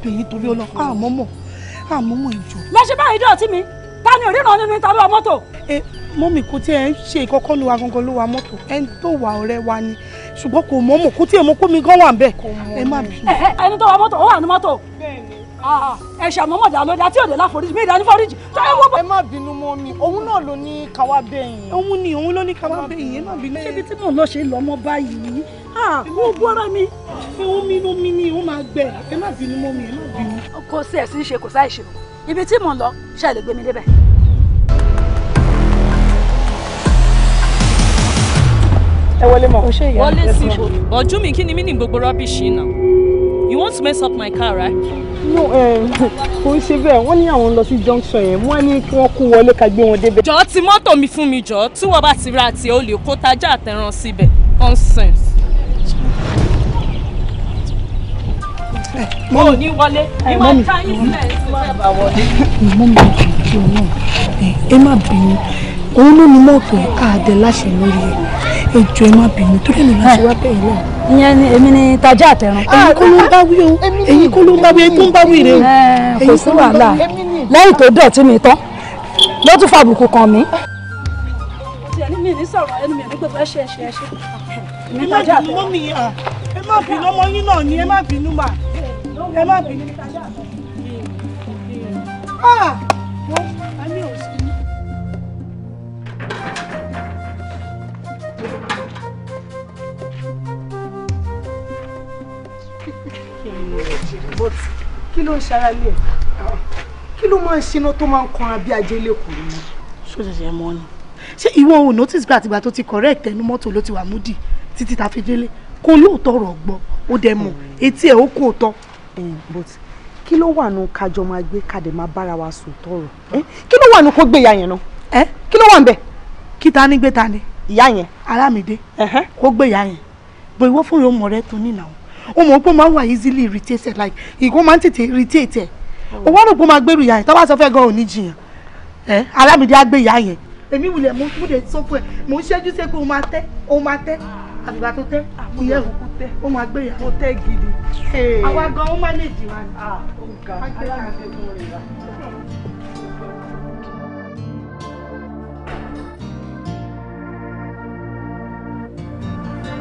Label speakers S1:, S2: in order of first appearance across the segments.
S1: bẹ̀ yín torí ọlọ àmọ́mọ́ àmọ́mọ́ ìjọ. lọ́sẹ̀ báyìí dọ̀tí mi ta ni òríran nínú ìta ló wa mọ́tò. ẹ mọ́mì kò tí ẹ ń ṣe ìkọ́kọ́ ló wa gangan ló wa mọ́tò ẹ ń tó wa ọ̀rẹ́ wa ni ṣùgbọ́n kò mọ́mọ́ kò tí ẹ mọ́ kómi gan wà ń bẹ̀ ẹ má bì. ẹni tó wa mọ́tò ó wà ní mọ́tò ah, ah, ẹ ṣàmọ́mọ́ dà lọ́dà tí òde láforíjì mi ìdáni foríjì. ẹ má bínú mọ́ mi òun náà ló ní káwá bẹ́yìn. òun ni òun ló ní káwá bẹ́yìn ẹ má bínú. ṣébi tí mò ń lọ ṣe lọ́mọ báyìí ah, gbogbo ara mi pé omi lómi ni ó máa gbẹ ẹ má bínú mọ́ mi ẹ má bínú. kò sí ẹ̀sìn ṣe kò sáì ṣe ibi tí mò ń lọ ṣáà lè gbé mi débẹ̀. ẹ wọlé mọ. wọlé sí i bọ̀jú mi kí ni mí ní gbogbo rọ́bìṣì náà you want to mess up my car right. no eh, kò ń ṣe bẹ́ẹ̀ wọ́n ní àwọn ń lọ sí junction yẹn wọ́n ní kí wọ́n kó wọlé ká gbé wọn débẹ̀. jọ ti mọ́tò mi fún mi jọ tí wọ́n bá ti ra àti olè kó tajà àtẹ̀ràn síbẹ̀ nonsense. mo ò ní wọlé ní máa ká yín sílẹ̀ sí máa bà wọlé. ìmọ̀ mi kì í fi ọ̀nà ẹ má bínú òun ló ní mọ́tò àdẹ láṣẹ lórí ẹ ẹjọ ẹ má bínú tó dẹ̀ lọ́la ṣe wá bẹ́ẹ̀ náà. ìyẹn ni èmi ni tajà àtẹrun. èyí kọ́ ló ń bá wí o ah, èyí kọ́ ló ń bá wí èyí tó ń bá wí rè o. Eh, kò sí wàhálà lẹ́yìn tó dọ̀tí mi tán ló tún fàbùkù kàn mí. tiẹ̀ ní mi ní sọ̀rọ̀ ẹnu mi ní gbogbo ẹ ṣe ẹ ṣe ẹ ṣe. ẹ má bínú mọ́mí ah. ẹ má bínú ọmọ yín náà ni ẹ má bínú mà. Ah! kí ló ń ṣaralẹ̀ kí ló máa ń ṣiná tó máa ń kanra bí ajé lẹ́kọ̀ọ́ ni. ṣòṣèṣe mọ ni ṣé ìwọ ò notice pé àtìgbà tó ti correct ẹnu mọ́tò ló ti wà múdì títí ta fi délé kó lóòótọ́ ọ̀rọ̀ gbọ́ ó dẹ̀ mọ̀ etí ẹ̀ ó kó tọ́ Eh, but kí ló wà nù kájọ máa gbé kàdé máa bára wa sùn tọrọ eh, kí ló wà nù kó gbé ìyá yẹn náà eh, kí ló wà ń bẹ. kí ta ni gbé ta ni. ìyá yẹn. alámìdé kó gbé ìyá yẹn bó ìwọ fún yòó mọ rẹ tó nínà o o mọ pé máa wà easily irritated like ìgò máa ń tètè irritate ẹ o wá rò pé máa gbèrú ìyá yẹn tó bá sọ fẹ́ gan òní jiyàn alámìdé á gbé ìyá yẹn. èmi wulẹ̀ mo kúndé sọ fún ẹ mo ń ṣẹ́jú sí o máa tẹ́ o máa tẹ́ àgbà tó tẹ́ ah, ìyẹ́ òkú tẹ́ ó máa gbé ìyàwó tẹ́ gidi àwa gan ó mánéjì wa ni. ọ̀gá aláàbẹ̀ tó rẹ̀ wá.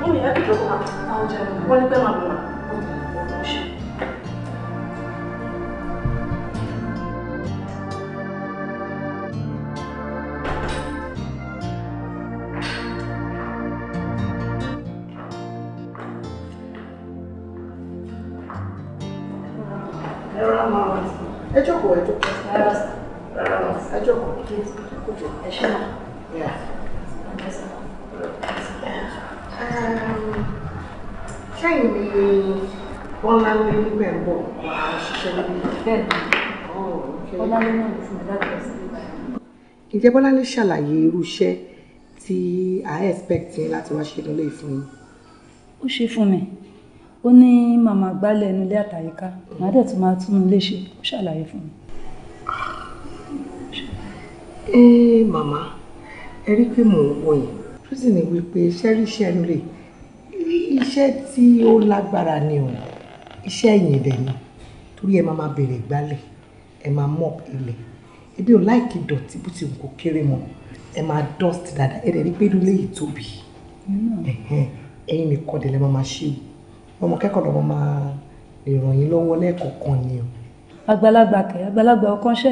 S1: ó yẹ kí ìjọba àwọn pẹ́ máa bọ̀ wá. ǹjẹ́ bọ́lá lè ṣàlàyé irú iṣẹ́ tí a expect yín láti wá ṣe nílé ìfún yín. ó ṣe fún mi ó ní màmá gbálẹ̀ inú ilé àtàyíká màá dẹ̀ tún máa tún un léṣe ó ṣàlàyé fún mi. ẹ màmá ẹ rí pé mò ń wò yín tó sì ní wípé ṣẹ́rí iṣẹ́ ẹnu rè iṣẹ́ tí ó lágbára ni o iṣẹ́ ẹ̀yìn dẹ̀ ni torí ẹ máa máa bèrè gbálẹ̀ ẹ máa mọ̀ ilẹ̀ èmi ò láìkí dọ̀tí bó ti wù kó kéré mọ́ ẹ máa dust dáadáa ẹ dẹ̀ rí pé ilé yìí tóbi ẹ̀yin nìkan dẹ̀ lẹ́ máa máa ṣe o ọmọ kẹ́kọ̀ọ́ lọ́mọ máa lè ràn yín lọ́wọ́ lẹ́ẹ̀kọ̀ọ̀kan ni o. àgbàlagbà kẹ àgbàlagbà ọkàn ṣẹ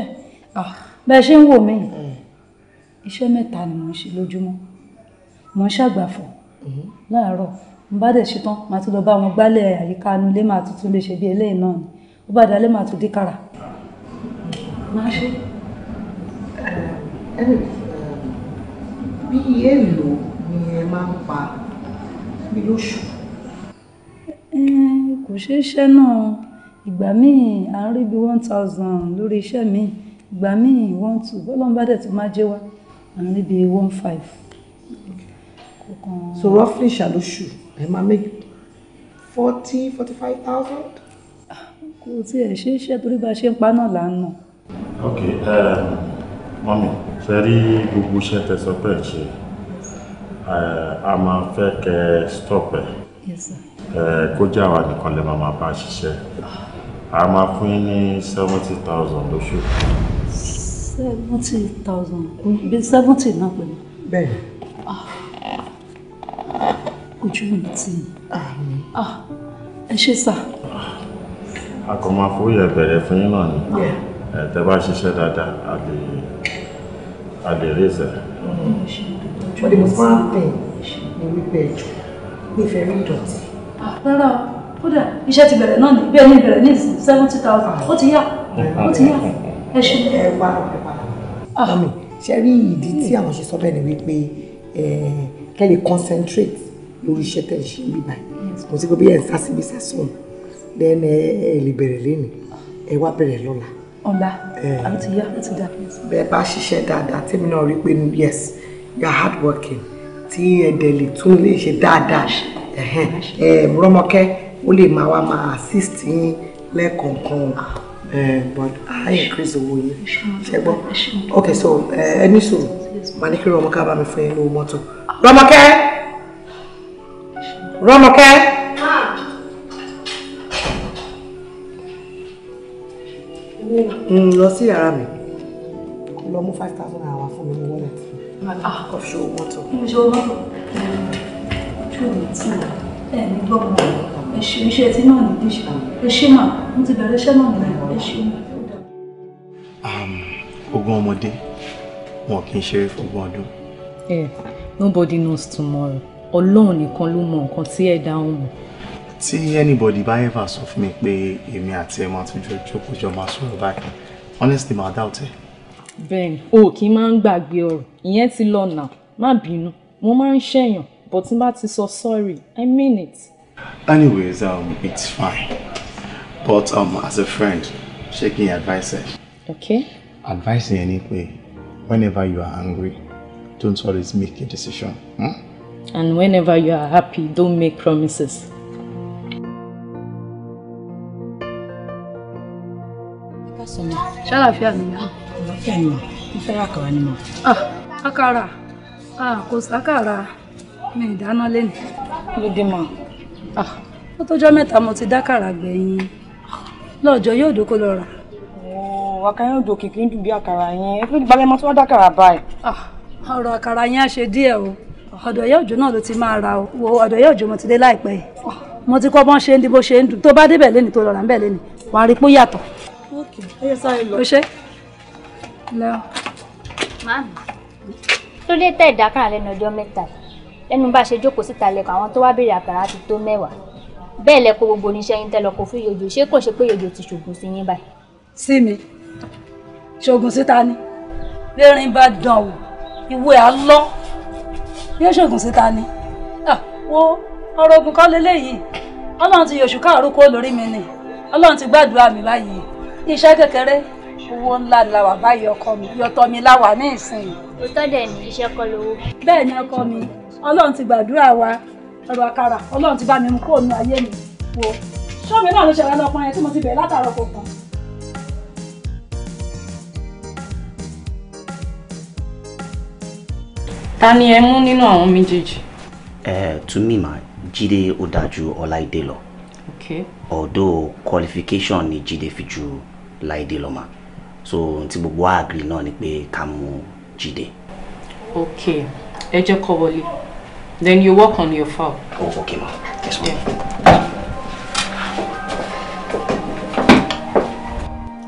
S1: ah, bẹ́ẹ̀ ṣe ń wò mí mm. iṣẹ́ mẹ́ta ni mò ń ṣe lójúmọ́ mò ń ṣàgbàfọ̀ mm-hmm. láàárọ̀ mo bá dẹ̀ ṣetán màá tún lọ bá wọn gbálẹ̀ àyíká inú ilé màá tuntun lè ṣe bí eléyìí náà ni ó bá dalẹ́ màá tún díkàrà máa ṣe é. Um, bí èèlò ni ẹ máa ń pa bí lóṣù. kò ṣe iṣẹ́ náà ìgbà míì à ń rí bí one thousand lórí iṣẹ́ mi ìgbà míì one two bọ́lọ́n bá dẹ̀ ti máa jẹ́ wá à ń rí bí one five. so roughly ṣàlóṣù ẹ máa make forty forty five thousand. kò tiẹ̀ ṣe iṣẹ́ torí bá a ṣe ń pa náà là ń nà.
S2: ok um, mọ́mí ṣe rí gbogbo iṣẹ́ tẹ́ ṣe a máa fẹ́ kẹ́ stop ẹ̀ kó jẹ́ àwa nìkan lè máa bá ṣiṣẹ́ a máa fún yín ní seventy thousand lóṣù.
S1: seventy thousand bíi seventy náà pẹ̀lú. bẹ́ẹ̀. Ah. ojú mi ti ah. ẹ ṣe sá.
S2: a kò máa fowó yẹ bẹ̀rẹ̀ fún yín náà ni ẹ̀ ṣiṣẹ́ dáadáa a lè àdèrè sẹ.
S1: wọ́n dé mo ti ń bẹ̀ ní wípé ẹ̀jọ̀ mi fẹ́ rí ìdọ̀tí. rárá o kódà iṣẹ́ ti bẹ̀rẹ̀ náà ní thousand ó ti yá ó ti yá ẹ ṣe. ẹ wá ẹ wá. àmì ah. ṣe rí ìdí tí àwọn ṣe sọ bẹ́ẹ̀ ni wípé kẹ́ concentrate lórí iṣẹ́ tẹ̀ ṣe bíbá kò sí pé then ẹ lè bẹ̀rẹ̀ lénìí ọ̀la eh. àbí ti yá àbí ti dà. bẹ́ẹ̀ bá ṣiṣẹ́ dáadáa tèmi náà rí pé yes you are hard working tí ẹ̀dẹ̀ lè tún lè ṣe dáadáa eh, rọ́mọkẹ́ ó lè máa wá máa assist yín lẹ́ẹ̀kọ̀ọ̀kan eh, but I increase owó yín ṣẹ́gbọ́n ok so ẹni sọ̀rọ̀ màá ní kí rọ́mọkẹ́ bá mi fún yín lówó mọ́tò rọ́mọkẹ́ rọ́mọkẹ́. lọ sí yàrá mi lọ mú five thousand naira wá fún mi ní wallet. Ah. kò ṣòwò mọ́tò. ṣòwò mọ́tò ṣòwò tí ẹ ní gbọ́ mọ́ ẹ ṣe iṣẹ́ tí náà ní bí ṣe ẹ ṣe mà mo ti bẹ̀rẹ̀ iṣẹ́ náà ní ẹ ṣe.
S2: ogún ọmọdé wọn kì í ṣeré fún ogún ọdún.
S1: Eh, nobody knows tomorrow ọlọ́run nìkan ló mọ nǹkan tí ẹ̀dá ọ̀hún
S3: tí anybody bá ever sọ fún mi pé èmi àti ẹ máa tún jọ jókòó jọ máa sọ̀rọ̀ báyìí honestly máa doubt ẹ.
S1: Ben. o kì í máa ń gbàgbé ọ̀rọ̀ ìyẹn ti lọ nà má bínú mo máa ń ṣẹ̀yàn but tí n bá ti sọ sorry i mean it.
S3: anyways um, it's fine but um, as a friend shaking kí advice ẹ. okay. advice yẹn ni pé whenever you are angry don't always make a decision. Hmm?
S1: and whenever you are happy don't make promises. sọ́nà. ṣàlàfíà ni yá. àlàáfíà ni mo fẹ́ àkàrà ni mo. Ah, àkàrà ah, kò sákàrà mi ìdáná lẹ́nu. lóde mọ́. Ah, ó tọ́jọ́ mẹ́ta mo ti dákàrà gbẹ̀yìn lọ́jọ́ yóò dókó lọ rà. àkàrà yóò dòkè kí n dùn bí àkàrà yẹn ẹ fún ìgbàlẹ̀ mọ́ tí wọ́n dákàrà báyìí. ọ̀rọ̀ àkàrà yẹn á ṣe díẹ̀ o ọ̀dọ̀ yóò jó náà ló ti máa ra o ọ̀dọ̀ yóò jó mo ti dé láìpẹ́ yìí mo ti kọ́ bọ́n ṣe ń di bó ṣe ń dùn tó bá débẹ̀ lẹ́ni tó lọ ń bẹ̀ lẹ́ni wàá rí pé yàtọ̀ ẹ sáré lọ. o ṣe lọ. máàmù tó dé tẹ̀ ìdákàrà lẹ́nu ọjọ́ mẹ́ta lẹ́nu bá ṣe jókòó síta lẹ́kọ̀ọ́ àwọn tó wá béèrè àkàrà ti tó mẹ́wàá bẹ́ẹ̀ lẹ́kọ̀ọ́ gbogbo oníṣẹ́ yín tẹ́lọ kò fún yòjò ṣé kò ṣe pé yòjò ti ṣògùn sí yín báyìí. sí mi ṣògùn síta ni bẹ́ẹ̀rin bá dàn wò ìwé àlọ́ yóò ṣògùn síta ni wo ọ̀rọ̀ ogun kọ́ lélẹ́yìí ọlọ́run ti yòṣù káàrú kó lórí mi ni ọlọ́run ti gbàdúrà mi báyìí iṣẹ́ kékeré owó ńlá ni làwà báyìí ọkọ mi yọtọ mi láwà ní ìsìn. òótọ́ dẹ̀ ní iṣẹ́ kọ́ lówó. bẹ́ẹ̀ ni ọkọ mi ọlọ́run ti gbàdúrà wa ọ̀rọ̀ àkàrà ọlọ́run ti bá mi mú kóònù ayé mi wo ṣọ́ọ̀bù náà ló ṣẹ̀rẹ̀ lọ́pọ̀ yẹn tí mo ti bẹ̀rẹ̀ látàárọ̀ kò tán. ta ni ẹ mú nínú àwọn méjèèjì. ẹ túmí jíde ó dájú ọláìdé lọ. okay. ọ̀dọ́ qualification ni jíde fi ju láìdé lọ́mà so tí gbogbo wa agree náà ni pé ká mú jíde. ok ẹ jẹ́ kó wọlé then you work on your file. oh ok ma yes ma.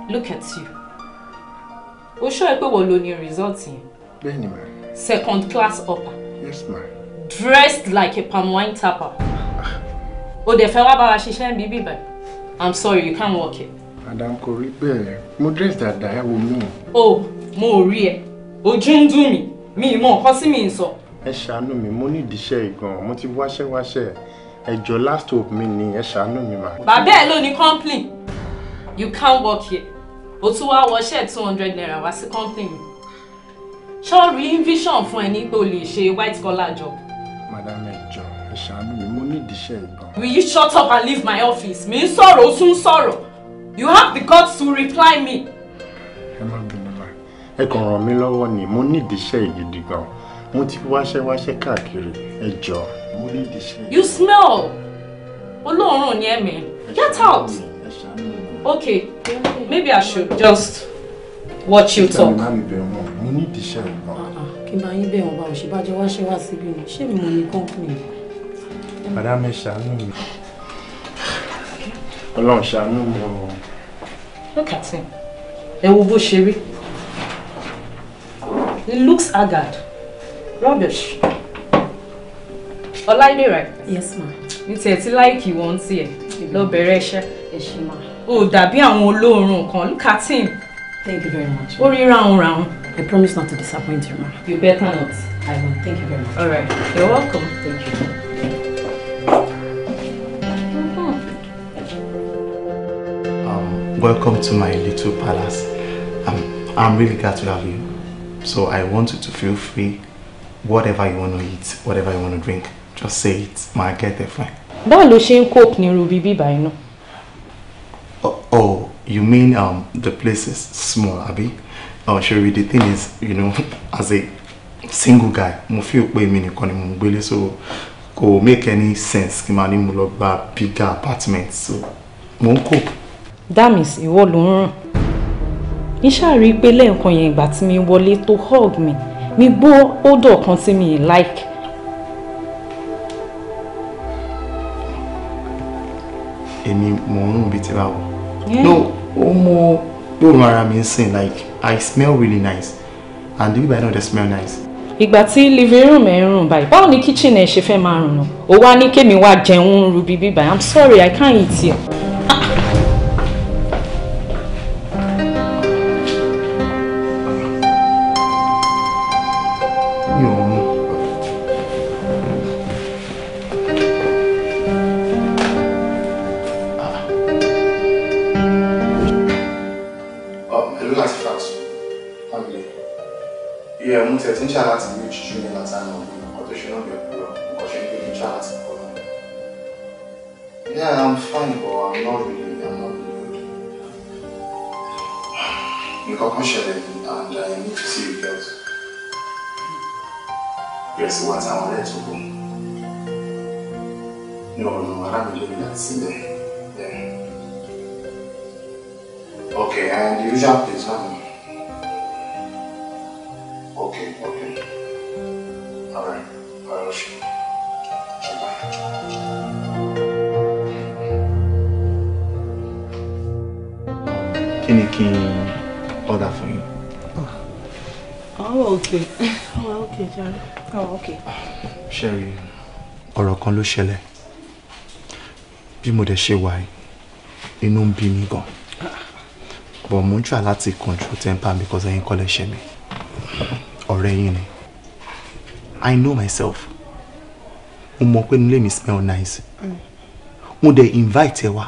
S1: look at you o ṣọ́ ẹ pé wọ́n lo ni result yẹn. bẹ́ẹ̀ni ma. second class upper. yes ma. dressed like a palm wine tapper. Ah. o dẹ̀ fẹ́ wá bá wa ṣiṣẹ́ bíbí báyìí i'm sorry you can't work it madam kò rí bẹ́ẹ̀ mo dress dáadáa ẹ wo mi. o mo rí ẹ ojú ń dùn mí mi ìmọ̀ nǹkan sí mi ń sọ.
S2: ẹ ṣàánú mi mo ní ìdíṣẹ́ ìgàn mo ti wáṣẹ́wáṣẹ́ ẹjọ́ last hope mi ni ẹ ṣàánú mi mà. bàbá ẹ
S1: ló ní complain you can't work here o tún wá wọṣẹ́ two hundred naira wá sí complain mi ṣọ́ọ̀rì invision fún ẹ ní pé o lè ṣe white collar job. madam ẹjọ́ ẹ ṣàánú mi mo ní ìdíṣẹ́ ìgàn. will you shut up and leave my office mi ń sọ̀rọ̀ o tún ń sọ̀rọ̀. You have the guts to reply me.
S2: Ẹ má bínú ma, ẹ kàn ràn mí lọ́wọ́ ni, mo ní ìdíṣẹ́ ìgidi gan. Mo ti wáṣẹ́ wáṣẹ́ káàkiri, ẹ jọ, mo ní ìdíṣẹ́.
S1: You smell! Olóòórùn ni me? Get out! Okay, maybe I should just watch you talk. Mo ní ìdíṣẹ́ ìgbọ̀n. Kí máa yín bẹ̀rù bá òṣèbájọ́ wáṣẹ́ wá síbí ni, ṣé mi mo ní company? Bàdá
S2: mi ṣàánú mi. Ọlọ́run ṣàánú mi o.
S1: Look at him. Ẹ wo bó ṣe rí. He looks haggard. Rubbish. Ọláìdè right? Yes ma'am. Ní tiẹ̀ tí láìkì wọ́n ti ẹ̀ lọ bẹ̀rẹ̀ iṣẹ́. Ẹ ṣe ma. O dàbí àwọn olóòórùn kan. Look at him. Thank you very much. Ó rí ráhùn ráhùn. I promise not to disappoint you ma. You better not. I will. Thank you very much. All right. You're welcome. Thank you.
S3: Welcome to my little palace. Um, I'm really glad to have you. So I want you to feel free. Whatever you want to eat, whatever you want to drink, just say it. Ma get there fine.
S1: Báwo lo ṣe ń cope ní Ruby bíbá inú?
S3: Oh, you mean um, the place is small, Abby? Oh, sure. the thing is, you know, as a single guy, mo feel pé
S2: mi nìkan ni mo ń gbélé, so kò make any sense kí n máa ní mo bigger apartment, so mo ń cope
S1: damis ìwọ ló ń rùn mi ṣàrí pé lẹ́ẹ̀kan yẹn ìgbà tí mi wọlé tó hug mi mi gbọ́ odò kan tí mi like.
S3: èmi mò ń rùn bíi ti báwo. no ó mọ gbóòórùn ara mi ń sìn like i smell really nice and the people i know dey smell nice.
S1: ìgbà tí living room ẹ̀ ń rùn báyìí báwo ni kitchen ẹ̀ ṣe fẹ́ máa rùn náà ó wá ní kémi wá jẹun rúbi bíbá i'm sorry i can't eat here.
S2: bẹ̀rẹ̀ sí wà táwọn ọ̀rẹ́ Oh, okay. Sherry,
S3: ọ̀rọ̀ kan ló ṣẹlẹ̀. Bí mo dẹ̀ ṣe wà yìí, inú ń bí mi gan. Bọ̀ mo ń jà láti control temper because ẹ̀yin kọ́ lẹ ṣe mi. Ọ̀rẹ́ yín ni. I know myself. Mo mọ̀ pé nílé mi smell nice. Mm. Mo dẹ̀ invite ẹ wá.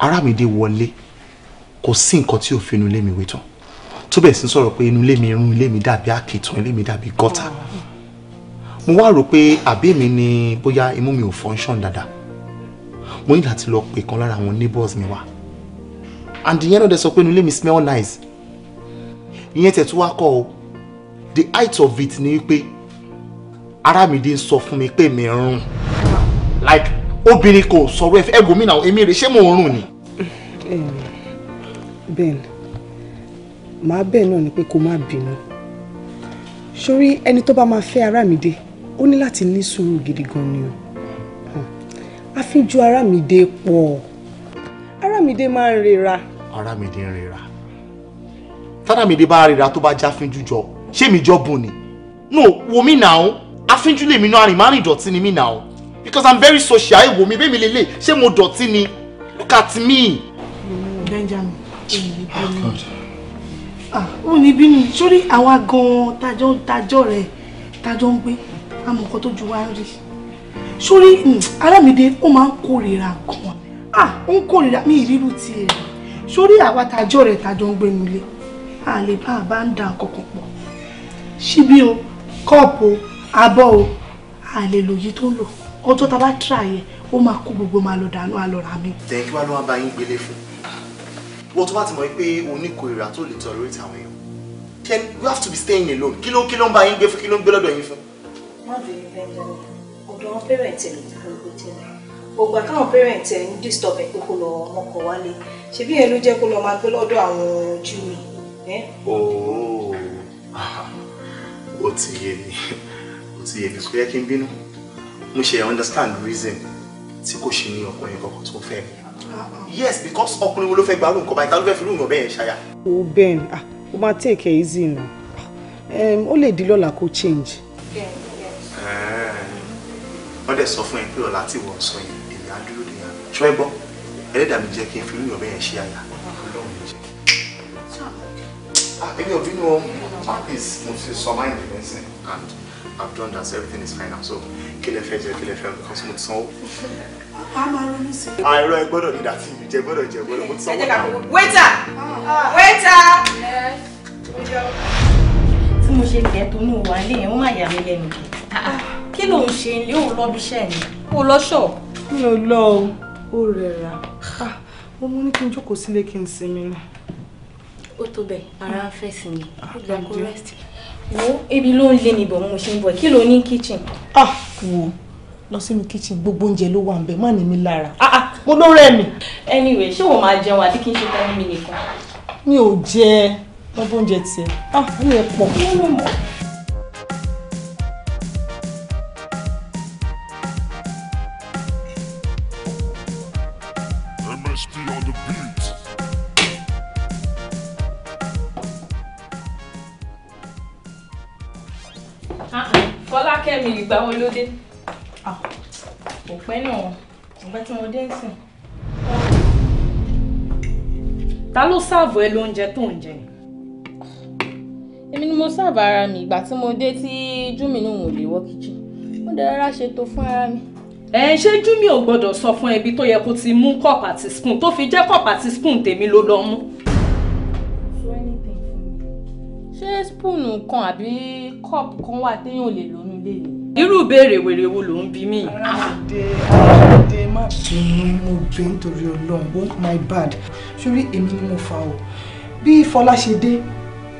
S3: Ará mi dé wọlé. Kò sí nǹkan tí ò fi inú ilé mi wé tán
S1: tó bẹ̀ sí sọ̀rọ̀ pé inú ilé mi irun ilé mi dàbí àkìtàn ilé mi dàbí gọ́tà mo wá rò pé àbí mi ni bóyá imú mi ò function dáadáa mo ní láti lọ pè kan lára àwọn neighbors mi wá and ìyẹn náà dẹ sọ pé inú ilé mi smell nice ìyẹn tẹ̀ tún wá kọ́ o the height of it ni wípé ara mi dé ń sọ fún mi pé mi rún like obìnrin kò sọ̀rọ̀ ẹ̀fẹ́ ẹ̀gbọ́n mi náà èmi rè ṣé mo rún ni. bẹ́ẹ̀ni màá bẹ́ẹ̀ náà ni pé kó má bínú sórí ẹni tó bá máa fẹ́ Arámidé ó ní láti ní sùúrù gidi gan ni o àfijù Arámidé pọ̀ Arámidé máa ń rera. Arámidé ń rera tárámidé bá rira tó bá já fínjú jọ ṣé mi jọ bùn ni no wo mi nà ó afínjú lè mi náà rìn márùn ìdọ̀tí ni mi nà ó because i'm very social ẹ wò mí bẹ́ẹ̀ mi lè lè ṣé mo dọ̀tí ni look at me. Benjamin. Oh, God òun ah, ní bínú sórí àwa gan-an tajọ́ tajọ́ rẹ̀ tajọ́ ń gbé àmọ́ nǹkan tó ju wá ń rí sórí hmm, alámìdé ó máa ń kórìíra gan-an ah ó ń kórìíra mi ìrírú tiẹ̀ sórí àwa tajọ́ rẹ̀ tajọ́ ń gbé nílé a lè bá a bá ń da kankan pọ̀ síbí o kọ́ọ̀pù abọ́ o a lè lòyí tó ń lò ọjọ́ ta bá tíra yẹ ó máa kó gbogbo máa lọ dànù àlọ́ra mi. tẹ̀ kí wàá ló wá bá yín gbélé fún wọ́n tó bá ti mọ̀ pé oníkòrira tó lè tolerate àwọn èèyàn then you have to be staying alone kí ló kí ló ń bá yín gbé fún kí ló ń gbé lọ́dọ̀ yín fún. má bẹ̀rẹ̀ bẹ́ẹ̀ ọ̀dọ̀ àwọn pẹ́rẹ̀ǹtì ló ti lọ́gbọ́ disturb ẹ̀ pé kó lọ ọmọkọ̀ wálé ṣebí yẹn mi.
S3: ó ti yé mi ó ti yé mi kò yẹ kí n bínú mo ṣe understand reason tí kò ṣe ní ọkùnrin kankan tó fẹ́ mi yes because ọkùnrin wo ló fẹ́ gba irú nǹkan báyìí ta ló fẹ́ fi irú ìyàn bẹ́ẹ̀ ṣaya.
S1: o ben ah o máa take it easy na ó lè di lọ́la kó change.
S4: wọ́n dẹ̀ sọ fún ẹ pé ọ̀la tí wọ́n sọ yìí èmi á dúró dèyàn
S1: ṣọ́
S2: ẹ gbọ́ ẹlẹ́dàá mi jẹ́ kí n fi irú ìyàn bẹ́ẹ̀ ṣe àyà ọlọ́run mi jẹ́.
S5: èmi ò bínú ọ máa pèsè mo ti sọ máìlì
S4: mẹ́sìn I've done that, so everything is fine now. So kí lẹ fẹ́ jẹ, because mo ti sanwó.
S1: A máa ronú sí i.
S2: Àìrọ̀ ah, ẹ gbọ́dọ̀ nígbà tí mi jẹ gbọ́dọ̀ jẹ gbọ́dọ̀ mo ti sanwó
S1: Waiter! Waiter! mo ṣe tẹ̀ tó ní ìwà ilé yẹn, ó máa yà mí lẹ́nu. Kí ló ń ṣe ilé òun lọ́bí ni? Ó lọ ṣọ̀. Mi ò lọ o, ó rẹra. Ah, mo mú ní kí n jókòó sílé kí n sinmi ni. Ó tó bẹ́ẹ̀, ara ń fẹ́ sinmi. Ah, ó gbà kó rẹ́sì wo ebi ló ń lé mi bọ̀ mo ṣe ń bọ̀ kí ló ní kitchen. ah wo lọ sínú kitchen gbogbo oúnjẹ ló wà ń bẹ má ní mi lára ah ah mo ló rẹ mi. anyway ṣé wo máa jẹun àbí kí n ṣe tán ní mi nìkan. mi ò jẹ ẹ lọ bóúnjẹ ah mi ò pọ. ìgbà wo ló dé? kò pẹ́ náà kò pẹ́ tí mo dé sìn. ta ló ṣààbò ẹ lóúnjẹ tó ń jẹ? èmi ni mo ṣààbò ara mi ìgbà tí mo dé tí júmi ní òun ò lè wọ kíjì mo dẹ̀ rárá ṣètò fún ara mi. ẹ ṣé júmi ò gbọ́dọ̀ sọ fún ẹbí tó yẹ kó ti mú cup àti spoon tó fi jẹ́ cup àti spoon tèmi ló lọ mú ṣé spoon kan àbí cup kan wà téèyàn ò lè lò nílé ni irú ìbéèrè wèrè wo ló ń bi mí. aráàlú aráàlú má bínú mo bẹ nítorí Ọlọ́run won't my bad sórí èmi ni mo fa o bí Fọlá ṣe dé